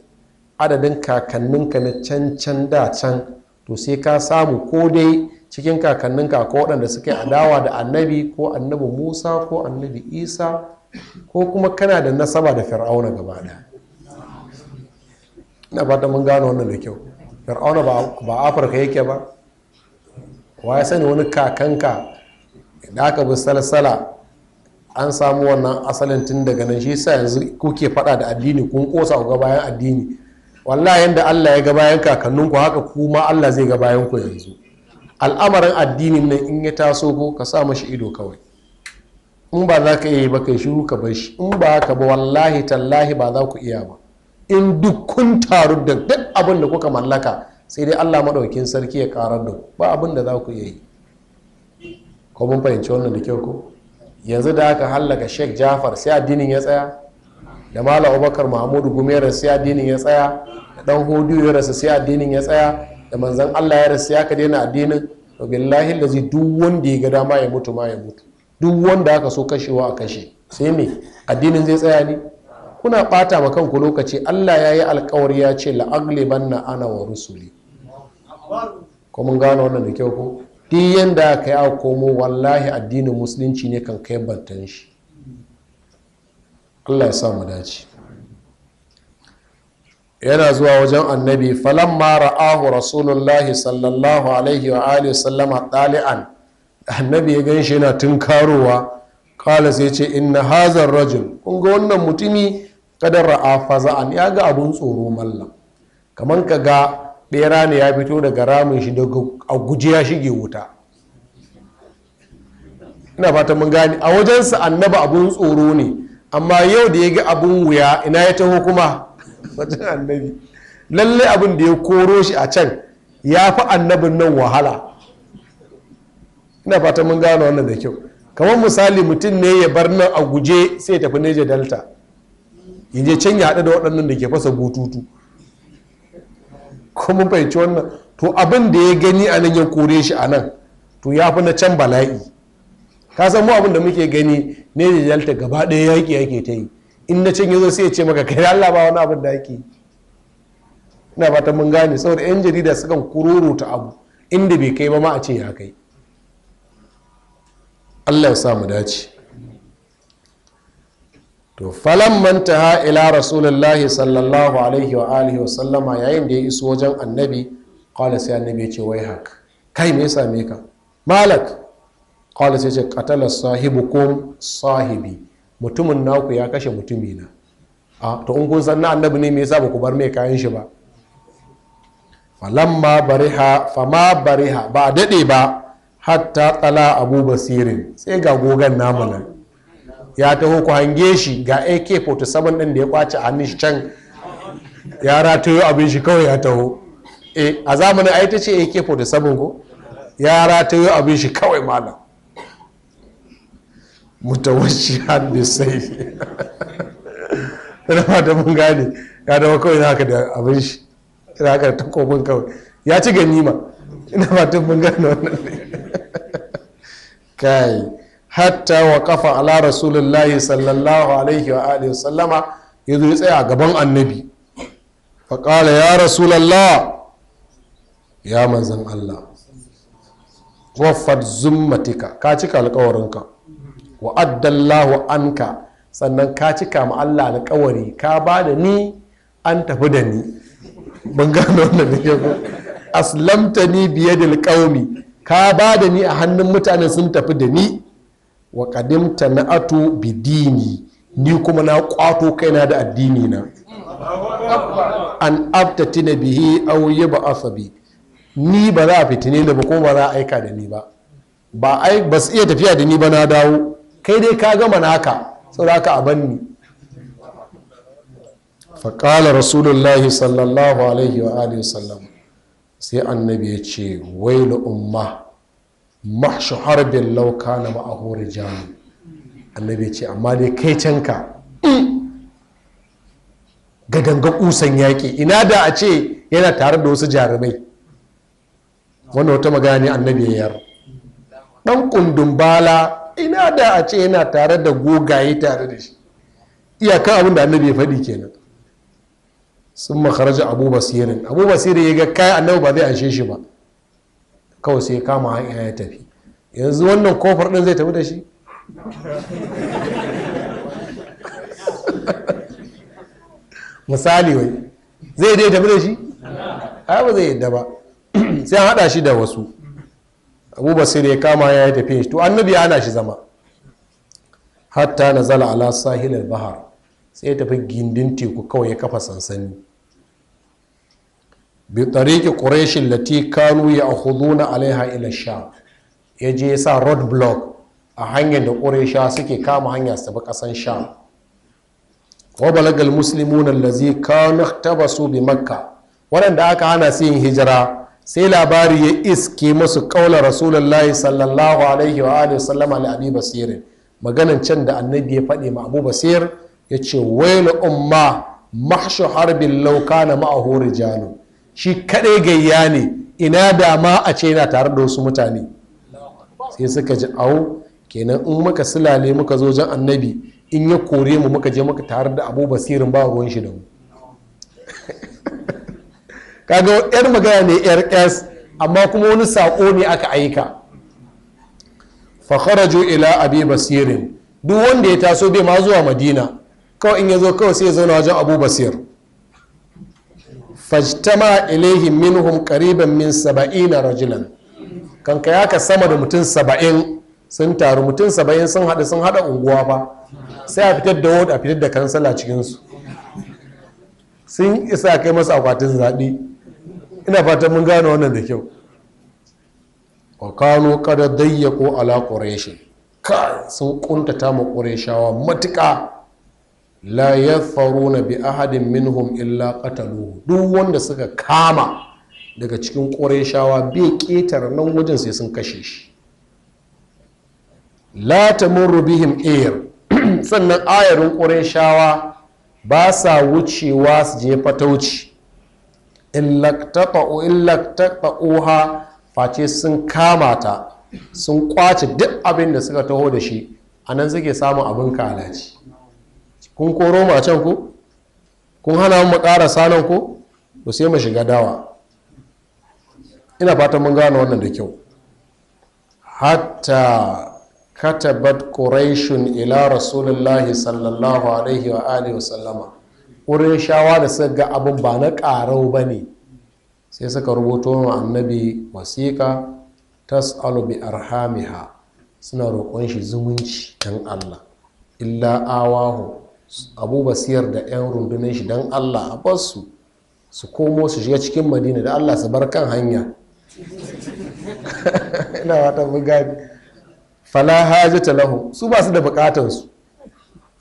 adadin kakanninka na can can da can to sai ka samu ko dai cikin kakanninka ko waɗanda suka yi adawa da annabi ko annabi musa ko annabi isa ko kuma kana da nasaba da fir'auna gaba ɗaya ina fata mun gano wannan da kyau fir'auna ba afirka yake ba wa ya sani wani kakanka da aka bi salsala an samu wannan asalin tun daga nan shi sa yanzu kuke faɗa da addini kun kosa ku ga bayan addini wallahi yanda Allah ya ga bayan kakanninku haka kuma Allah zai ga bayan ku yanzu al'amarin addinin nan in ya taso ko ka sa mashi ido kawai in ba za ka iya ba kai shi, ka bar shi in ba ka ba wallahi tallahi ba za ku iya ba in duk kun taru da duk abin da kuka mallaka sai dai allah maɗaukin sarki ya karar da ba abin da za ku iya yi ko mun fahimci wannan da kyau ko yanzu da aka hallaka sheikh jafar sai addinin ya tsaya da malam abubakar mahmudu gumera sai addinin ya tsaya da dan hodiyo ya rasa sai addinin ya tsaya da manzan Allah ya rasu ya ka daina addinin to billahi da zai duk wanda ya ga dama ya mutu ma ya mutu duk wanda aka so kashewa a kashe sai me addinin zai tsaya ne kuna bata ma kanku lokaci Allah ya yi alkawari ya ce la'agliban na ana wa rusuli ko mun gano wannan da kyau ko duk yanda ka yi komo wallahi addinin musulunci ne kan kai bantan shi Allah ya sa mu dace yana zuwa wajen annabi ma ra'ahu rasulullahi sallallahu alaihi wa alihi sallama ɗali'an annabi ya gan shi yana tunkarowa kala sai ce inna hazar rajul kun ga wannan mutumi kadar ra'a faza'an ya ga abun tsoro mallam kamar ka ga bera ne ya fito daga ramin shi daga a guje ya shige wuta ina fatan mun gane a wajensa annaba abun tsoro ne amma yau da ya ga abun wuya ina ya taho kuma wajen annabi lalle abin da ya koro shi a can ya fi annabin nan wahala ina fata mun gano wannan da kyau kamar misali mutum ne ya bar nan a guje sai tafi neja delta in je can ya haɗu da waɗannan da ke fasa bututu kuma fahimci wannan to abin da ya gani a nan ya kore shi a nan to ya fi na can bala'i kasan mu abin da muke gani ne da delta gaba ɗaya yaƙi yake ta yi in na can yazo sai ya ce maka kai Allah ba wani abin da yake ina fatan mun gane saboda yan jarida sukan ta abu inda bai kai ba ma a ce ya kai Allah ya sa mu dace to falan mantaha ila rasulullahi sallallahu alaihi wa alihi wa sallama yayin da ya iso wajen annabi qala sai annabi ya ce wai haka, kai me same ka malak qala sai ce qatala sahibukum sahibi mutumin naku ya kashe mutumi na a to in kun san na annabi ne me yasa ba ku bar mai kayan shi ba falamma bariha fama bariha ba dade ba hatta tsala abu basirin sai ga gogan namu ya taho ku hange shi ga ak-47 din da ya kwace a hannun shi can ya ratayo abin shi kawai ya taho eh, a zamanin ai ta ce ak-47 ko ya ratayo abin shi kawai malam mutawashihan bi saifi ina fata mun gane ya dawo kawai haka da abin shi ina haka da takobin kawai ya ci ganima ina fatan mun gane wannan ne kai hatta wa kafa ala rasulullahi sallallahu alaihi wa alihi sallama ya ya tsaya a gaban annabi faƙala ya rasulallah ya manzan allah waffat zummatika ka cika alkawarinka wa addallahu anka sannan ka cika ma Allah alƙawari ka ba da ni an tafi da ni ban gano wannan da ko aslamta ni da alƙawmi ka ba da ni a hannun mutane sun tafi da ni wa na ato bidini ni kuma na kwato kaina da addini na an abtati na bihi auye ba asabi ni ba za a fitine da ba ko ba za a aika da ni ba ba su iya tafiya da ni ba na dawo kai dai ka gama naka saboda haka a banni faƙala rasulullahi sallallahu alaihi wa alihi sallam sai annabi ya ce wailu umma mashi harbin lauka na ma'ahori jami annabi ya ce amma dai kai canka ga ganga kusan yaƙi ina da a ce yana tare da wasu jarumai wanda wata magana ne annabi ya yar ɗan kundin bala ina da a ce yana tare da gogaye tare da shi iyakan abin da annabi ya faɗi kenan sun makaraja abu basirin abu basirin ya ga kai annabi ba zai anshe shi ba kawai sai kama hanya ya tafi yanzu wannan kofar ɗin zai tafi da shi misali wai zai dai tafi da shi ba zai yadda ba sai an haɗa shi da wasu abu basir ya kama ya tafi shi to annabi ya hana shi zama hatta na zala ala sahilal bahar sai ya tafi gindin teku kawai ya kafa sansani bi tariki quraishin lati kanu ya na alaiha ila sha ya je sa road block a hanyar da quraisha suke kama hanya su tafi kasan sha wa balagal muslimuna allazi kanu su bi makka waɗanda aka hana su yin hijira sai labari ya iske masu kaula rasulullahi sallallahu alaihi wa alihi sallama na abi basirin maganan can da annabi ya faɗi ma abu basir ya ce wailu umma mahshu harbin lauka na ma'ahu rijalu shi kaɗai gayya ne ina da ma a ce yana tare da wasu mutane sai suka ji au kenan in muka silale muka zo jan annabi in ya kore mu muka je muka tare da abu basirin ba ruwan shi da mu kaga yar magana ne yar ƙas amma kuma wani sako ne aka aika fakharaju ila abi basirin duk wanda ya taso bai ma zuwa madina kawai in ya zo kawai sai ya zauna wajen abu basir fajtama ilaihim minhum qariban min saba'ina rajulan kanka ya ka sama da mutum saba'in sun taru mutum saba'in sun sun haɗa unguwa fa sai a fitar da wod a fitar da kansala cikinsu sun isa kai masa akwatin zaɓe ina fatan mun gane wannan da kyau wa kano kada dayyako ala ƙureshi ka sun ƙuntata ma ƙureshawa matuƙa la ya faru na bi ahadin minhum illa qataluhu duk wanda suka kama daga cikin ƙureshawa bai ƙetare nan wajen sai sun kashe shi la mun bihim air sannan ayarin ƙureshawa ba sa wucewa su je fatauci illaktaqa'uha face sun kama ta sun kwace duk abin da suka taho da shi a nan suke samun abin kalaci kun koro ma can ku kun hana mu ƙara sanan ku sai mu shiga dawa ina fatan mun gane wannan da kyau hatta katabat quraishun ila rasulullahi sallallahu alaihi wa alihi wa sallama Wurin shawa da suka ga abin ba na ƙarau ba ne sai suka rubuto wa annabi wasiƙa tas'alu bi arhamiha suna roƙon shi zumunci don allah illa awahu abu basiyar da 'yan rundunar shi don allah a basu su komo su shiga cikin madina da allah su bar kan hanya ina wata bugadi fala hajjata lahu su ba su da bukatansu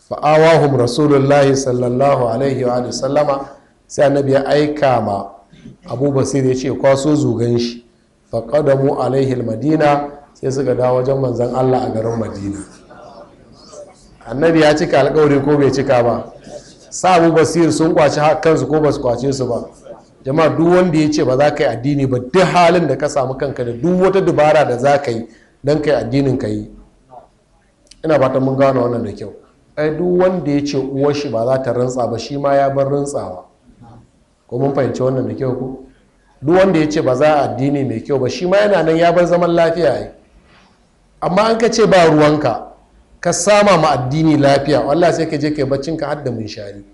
fa'awahum rasulullahi sallallahu alaihi wa sallama sai annabi ya aika ma abu basir ya ce kwaso zugan shi faƙadamu alaihi madina sai suka dawo wajen manzan allah a garin madina annabi ya cika alkawari ko bai cika ba sa abu basir sun kwaci kansu ko ba su kwace su ba jama'a duk wanda ya ce ba za ka yi addini ba duk halin da ka samu kanka da duk wata dubara da za ka yi don ka yi addinin ka yi ina fatan mun gano wannan da kyau ai duk wanda ya ce uwar shi ba za ta rantsa ba shi ma ya bar rantsawa ko mun fahimci wannan da kyau ku? duk wanda ya ce ba za a addini mai kyau ba shi ma yana nan ya bar zaman lafiya ai amma an ka ce ba ruwanka ka sama ma addini lafiya wallahi sai ka je kai baccin ka hadda mun shari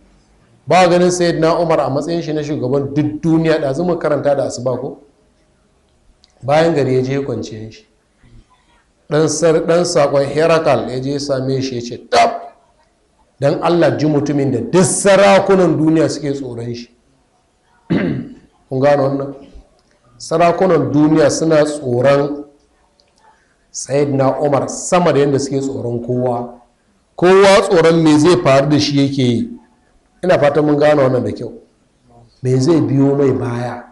ba ganin sayyidina Umar a matsayin shi na shugaban duk duniya da zuma karanta da asuba ko bayan gari ya je kwanciyar shi dan sar dan sakon Herakal ya je same shi ya ce tab don allah ji mutumin da duk sarakunan duniya suke tsoron shi kun gano wannan sarakunan duniya suna tsoron na umar sama da yadda suke tsoron kowa kowa tsoron me zai faru da shi yake yi ina fatan mun gano wannan da kyau me zai biyo mai baya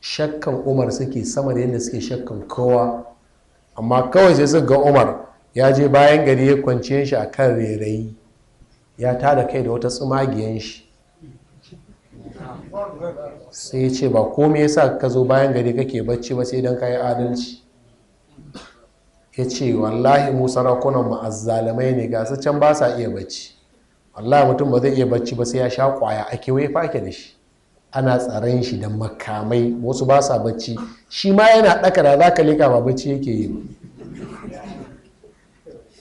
shakkan umar suke sama da yadda suke shakkan kowa amma kawai sai suka ga umar ya je bayan gari ya kwanciyar shi a kan rairayi ya tada kai da wata tsumagiyan shi sai ya ce ba komai sa ka zo bayan gari kake bacci ba sai don kayi adalci ya ce wallahi mu sarakunan mu ne ga su can ba sa iya bacci wallahi mutum ba zai iya bacci ba sai ya sha kwaya a kewaye fake da shi ana tsaron shi da makamai wasu ba sa bacci shi ma yana ɗaka za ka ba bacci yake yi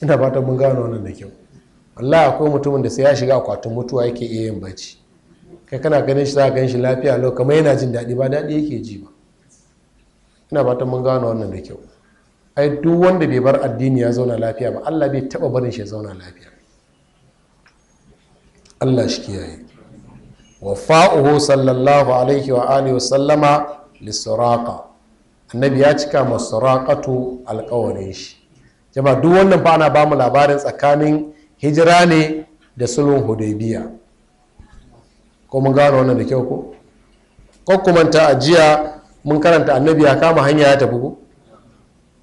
ina fatan mun gano wannan da kyau wallahi akwai mutumin da sai ya shiga akwatin mutuwa yake iya yin bacci kai kana ganin shi za ka gan shi lafiya lau kamar yana jin daɗi ba daɗi yake ji ba ina fatan mun gano wannan da kyau ai duk wanda bai bar addini ya zauna lafiya ba Allah bai taba barin shi ya zauna lafiya Allah shi kiyaye wafa'uhu sallallahu alaihi wa alihi sallama lisuraqa annabi ya cika masuraqatu alƙawarin shi jama'a duk wannan fa ana bamu labarin tsakanin hijira ne da sulhun hudaybiya ko mun gano wannan da kyau ko ko kuma ta ajiya mun karanta annabi ya kama hanya ya tafi ko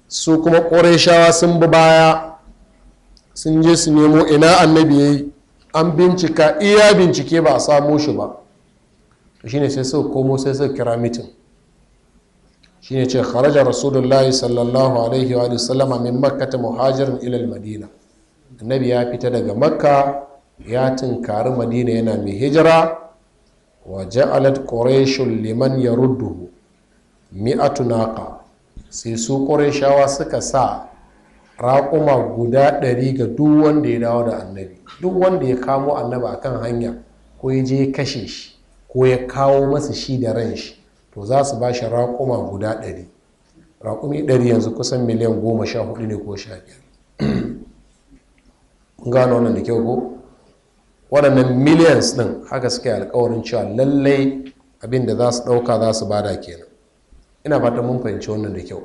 su kuma qurayshawa sun bi baya sun je su nemo ina annabi yayi an bincika iya bincike ba a samo shi ba shine sai su komo sai su kira mitin shine ce kharaja rasulullahi sallallahu alaihi wa sallama min ta muhajirin ilal madina annabi ya fita daga makka ya tunkari madina yana mai hijira wa ja'alat quraishun liman yarudduhu mi'atu naqa sai su qurayshawa suka sa raƙuma guda ɗari ga duk wanda ya dawo da annabi duk wanda ya kamo annabi akan hanya ko ya je ya kashe shi ko ya kawo masa shi da ran shi to za su ba shi raƙuma guda ɗari raƙumi ɗari yanzu kusan miliyan goma sha hudu ne ko sha biyar gano wannan da kyau ko waɗannan miliyans ɗin haka suke alkawarin cewa lallai abin da za su ɗauka za su bada kenan ina fata mun fahimci wannan da kyau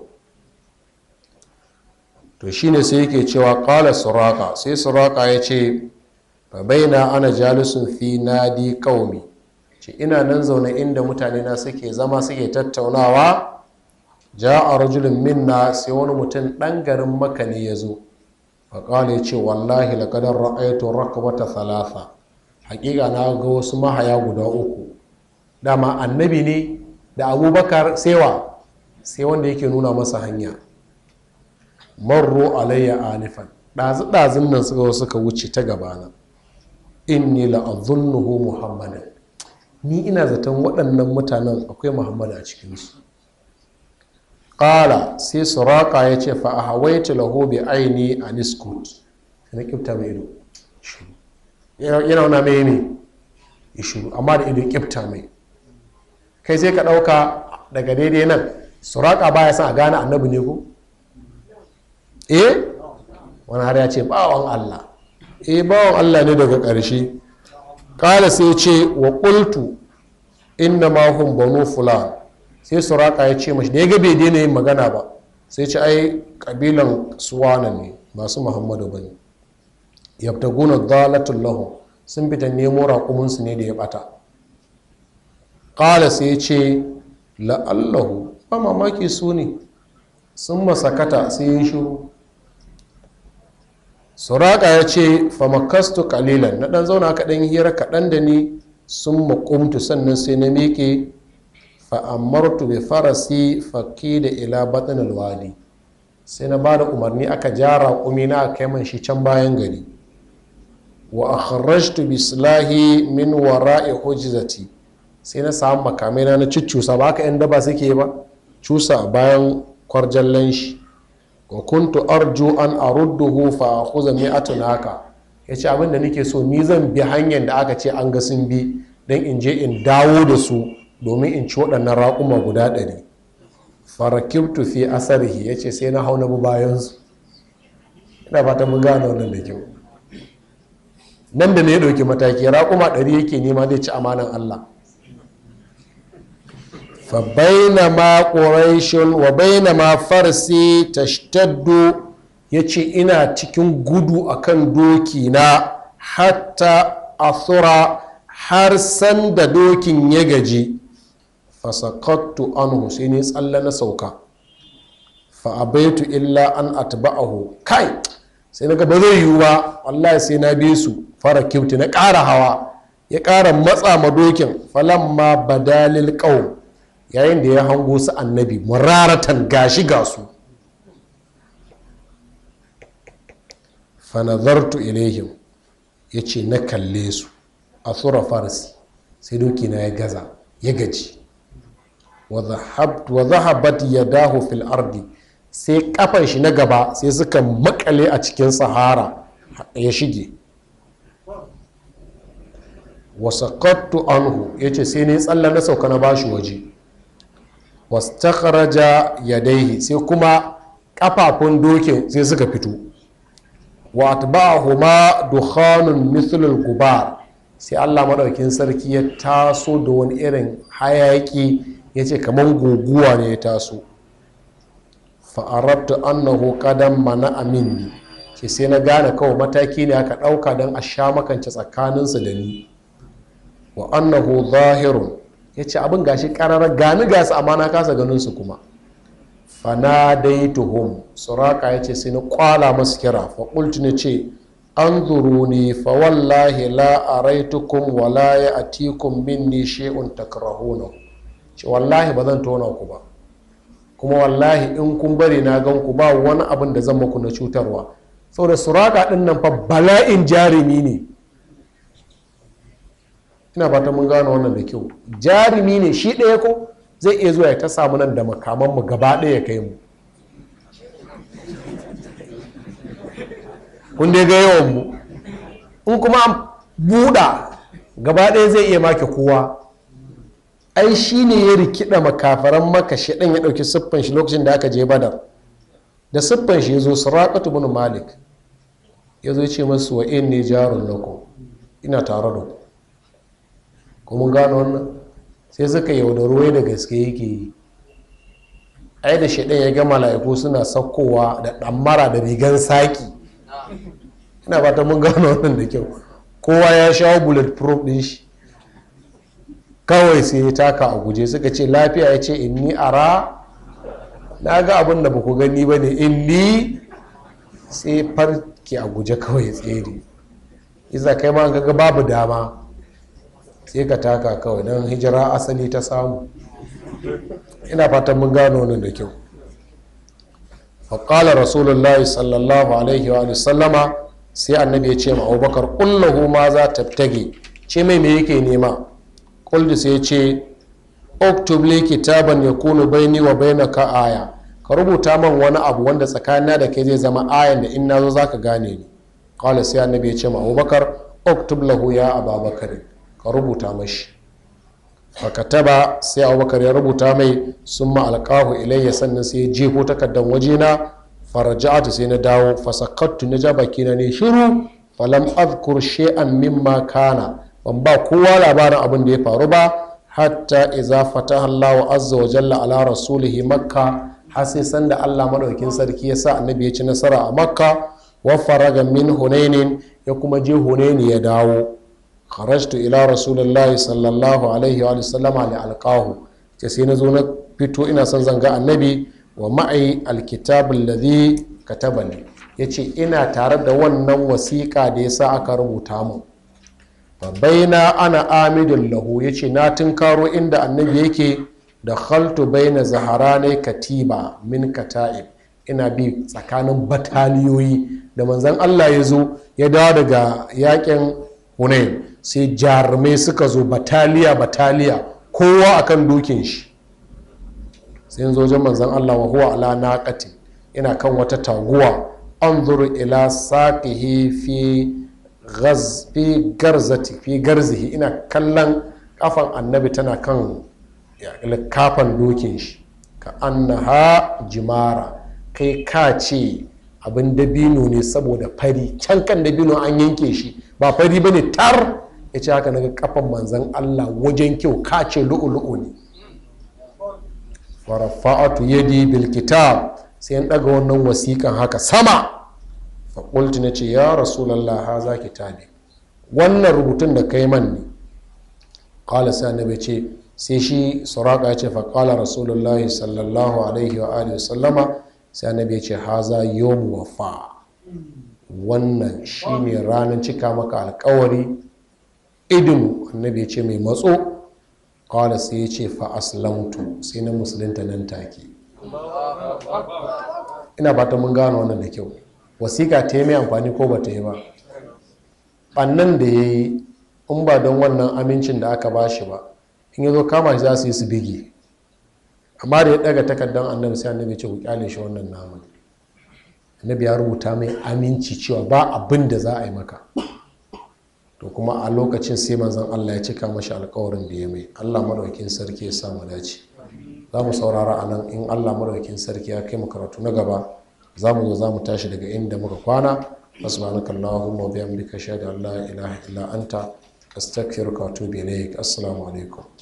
to shine sai yake cewa ƙala suraka sai suraka ya ce fa na ana jalisun fi nadi qaumi ce ina nan zaune inda mutane na suke zama suke tattaunawa ja a rajulun minna sai wani mutum ɗan garin maka ne ya zo a ya ce wallahi laƙadar ra'ayatu rakabata salafa haƙiƙa na ga wasu mahaya guda uku dama annabi ne da abubakar sewa sai wanda yake nuna masa hanya marro alayya anifan ɗazu-ɗazun nan suka suka wuce ta gabana inni la'azunnuhu muhammadin ni ina zaton waɗannan mutanen akwai muhammad a cikinsu ƙala sai suraka ya ce fa a hawaii ta bi aini a niskut na kifta mai ido yana wana mai ne ishuru amma da ido kifta mai kai sai ka ɗauka daga daidai nan suraka baya son a gane annabi ne ko eh wani har ya ce bawan allah eh bawan allah ne daga ƙarshe kala sai ce wa ƙultu inna ma hum banu fulan sai suraka ya ce mashi da ya ga bai daina yin magana ba sai ce ai kabilan suwana ne masu muhammadu bane yabtaguna dalatul lahum sun fita nemo su ne da ya bata kala sai ce la'allahu ba mamaki su ne sun masakata sai yin shiru suraka ya ce famakastu kalilan na dan zauna kaɗan hira kaɗan da ni sun makumtu sannan sai na miƙe fa'amartu bi farasi faki da ila batin alwali sai na bada umarni aka jara kumina a kaiman shi can bayan gari wa akhrajtu bi silahi min wara'i hujzati sai na samu makamai na na cucusa ba haka yan daba suke ba cusa bayan kwarjallan shi wa kuntu arju an arudduhu fa khuza mi'atun haka yace abin da nake so ni zan bi hanyar da aka ce an ga sun bi dan in je in dawo da su domin in ci waɗannan raƙuma guda ɗari farakibtu fi asarihi ce sai na hau na bayan su ina fata mun gane wannan da kyau nan da ne ya ɗauki mataki raƙuma ɗari yake nema zai ci amanan Allah fa ma quraishun wa bainama farsi ya ce ina cikin gudu akan doki na hatta har sanda dokin ya gaji fasakattu anhu sai ne tsalla na sauka fa abaitu illa an atba'ahu kai sai naga ba zai yiwu ba wallahi sai na bi su fara kyauti na ƙara hawa ya ƙara matsa ma dokin falamma badalil qaum yayin da ya hango su annabi muraratan gashi su. fanazartu ilaihim ya ce na kalle su a tsura farsi sai na ya gaza ya gaji wa zahabat ya dahu fil ardi sai kafan shi na gaba sai suka makale a cikin sahara ya shige wasakattu anhu ya ce sai ne tsalla na sauka na bashi waje ya yadaihi sai kuma kafafun dokin sai suka fito wa atba'ahuma dukhanun mithlul gubar sai Allah madaukin sarki ya taso da wani irin hayaki yace kamar guguwa ne ya taso fa arabtu annahu qadam mana amini ke sai na gane kawai mataki ne aka ɗauka don a sha makance tsakaninsa da ni wa annahu zahirun ya ce abin gashi kararar gani gasu amma na kasa ganin su kuma fana dai tuhum suraka ya ce sai na kwala masu kira faƙultu na ce an zuru ne fa wallahi la a raitukum wala ya atikum ne she'un takrahuna ce wallahi ba zan tona ku ba kuma wallahi in kun bari na gan ku ba wani abin da zan maku na cutarwa saboda suraka ɗin nan fa bala'in jarumi ne ina fata mun gano wannan da kyau jarumi ne shi ɗaya ko zai iya zuwa ya ta samu nan da makaman mu gaba ɗaya ya kai mu kun dai ga yawan mu in kuma an buɗa gaba ɗaya zai iya make kowa ai shi ne ya rikida makafaran maka shi ɗan ya ɗauki siffan shi lokacin da aka je badar da siffan shi ya zo suraƙatu bin malik ya zo ce masu wa'in ne jarun lako ina tare da ku kuma gano wannan sai suka yaudaru da gaske yake yi ai da shaɗan ya ga mala'iku suna saukowa da ɗammara da rigan saki ina fata mun gano wannan da kyau kowa ya shawo bullet proof ɗin shi kawai sai ya taka a guje suka ce lafiya ya ce inni ara na ga abin da baku gani ba ne ni sai farki a guje kawai ya tsere isa kai ma ga babu dama sai ka taka kawai don hijira asali ta samu ina fatan mun gano nan da kyau faƙala rasulullahi sallallahu alaihi wa sallama sai annabi ya ce ma abubakar kullahu ma za ta tage ce mai me yake nema kuldi sai ya ce oktub li kitaban yakunu baini wa bainaka aya ka rubuta man wani abu wanda tsakanina da kai zai zama ayan da in nazo zaka gane ni qala sai annabi ya ce ma abubakar oktub lahu ya ababakar ka rubuta mashi ba sai abubakar ya rubuta mai sun alkahu ilayya sannan sai ya jefo takardar wajena farja'atu sai na dawo fasakattu na ja bakina ne shiru falam azkur shay'an mimma kana ban ba kowa labarin abin da ya faru ba hatta iza fataha Allahu azza wa jalla ala rasulihi makka har sai sanda Allah madaukin sarki ya sa annabi ya ci nasara a makka wa faraga min hunainin ya kuma je hunaini ya dawo kharajtu ila rasulullahi sallallahu alaihi wa sallama li alqahu ce sai na zo na fito ina son zanga annabi wa ma'ai alkitab alladhi katabani yace ina tare da wannan wasiƙa da yasa aka rubuta mu fa baina ana amidun lahu yace na tunkaro inda annabi yake da khaltu baina zaharani katiba min kata'ib ina bi tsakanin bataliyoyi da manzon allah ya zo ya dawo daga yakin hunain sai jarumai suka zo bataliya bataliya kowa a kan dokin shi sai zo wajen manzan allah wa huwa ala naqati ina kan wata taguwa zuru ila saqihi fi fi garzati fi garzihi ina kallon kafan annabi tana kan kafan dokin shi ka annaha jimara kai ka ce abin dabino ne saboda fari can kan dabino an yanke shi ba fari bane tar ya ce haka naga kafan manzan Allah wajen kyau kace lu'ulu'u ne farafa'atu yadi bil kitab sai an daga wannan wasikan haka sama fa qultu nace ya rasulullah ki kitabi wannan rubutun da kai man ne qala sai annabi ce sai shi suraka ya ce fa qala rasulullah sallallahu alaihi wa alihi sallama sai annabi ya ce haza yawm wafa wannan shi ne ranar cika maka alkawari idin annabi ya ce mai matso kawai sai ya ce fa sai na musulunta nan take ina fata mun gano wannan da kyau wasiƙa ta yi mai amfani ko ba ta yi ba ɓannan da ya yi in ba don wannan amincin da aka ba shi ba in ya zo kama shi za su yi su bigi amma da ya ɗaga takardar annabi sai annabi ce ku kyale shi wannan namun annabi ya rubuta mai aminci cewa ba abin da za a yi maka to kuma a lokacin sai manzon Allah ya cika mashi alkawarin da ya mai Allah madaukakin sarki ya sa mu dace za mu saurara a nan in Allah madaukakin sarki ya kai mu karatu na gaba za mu zo za mu tashi daga inda muka kwana subhanaka allahumma wa bihamdika ashhadu an la ilaha illa anta astaghfiruka wa atubu ilaik assalamu alaikum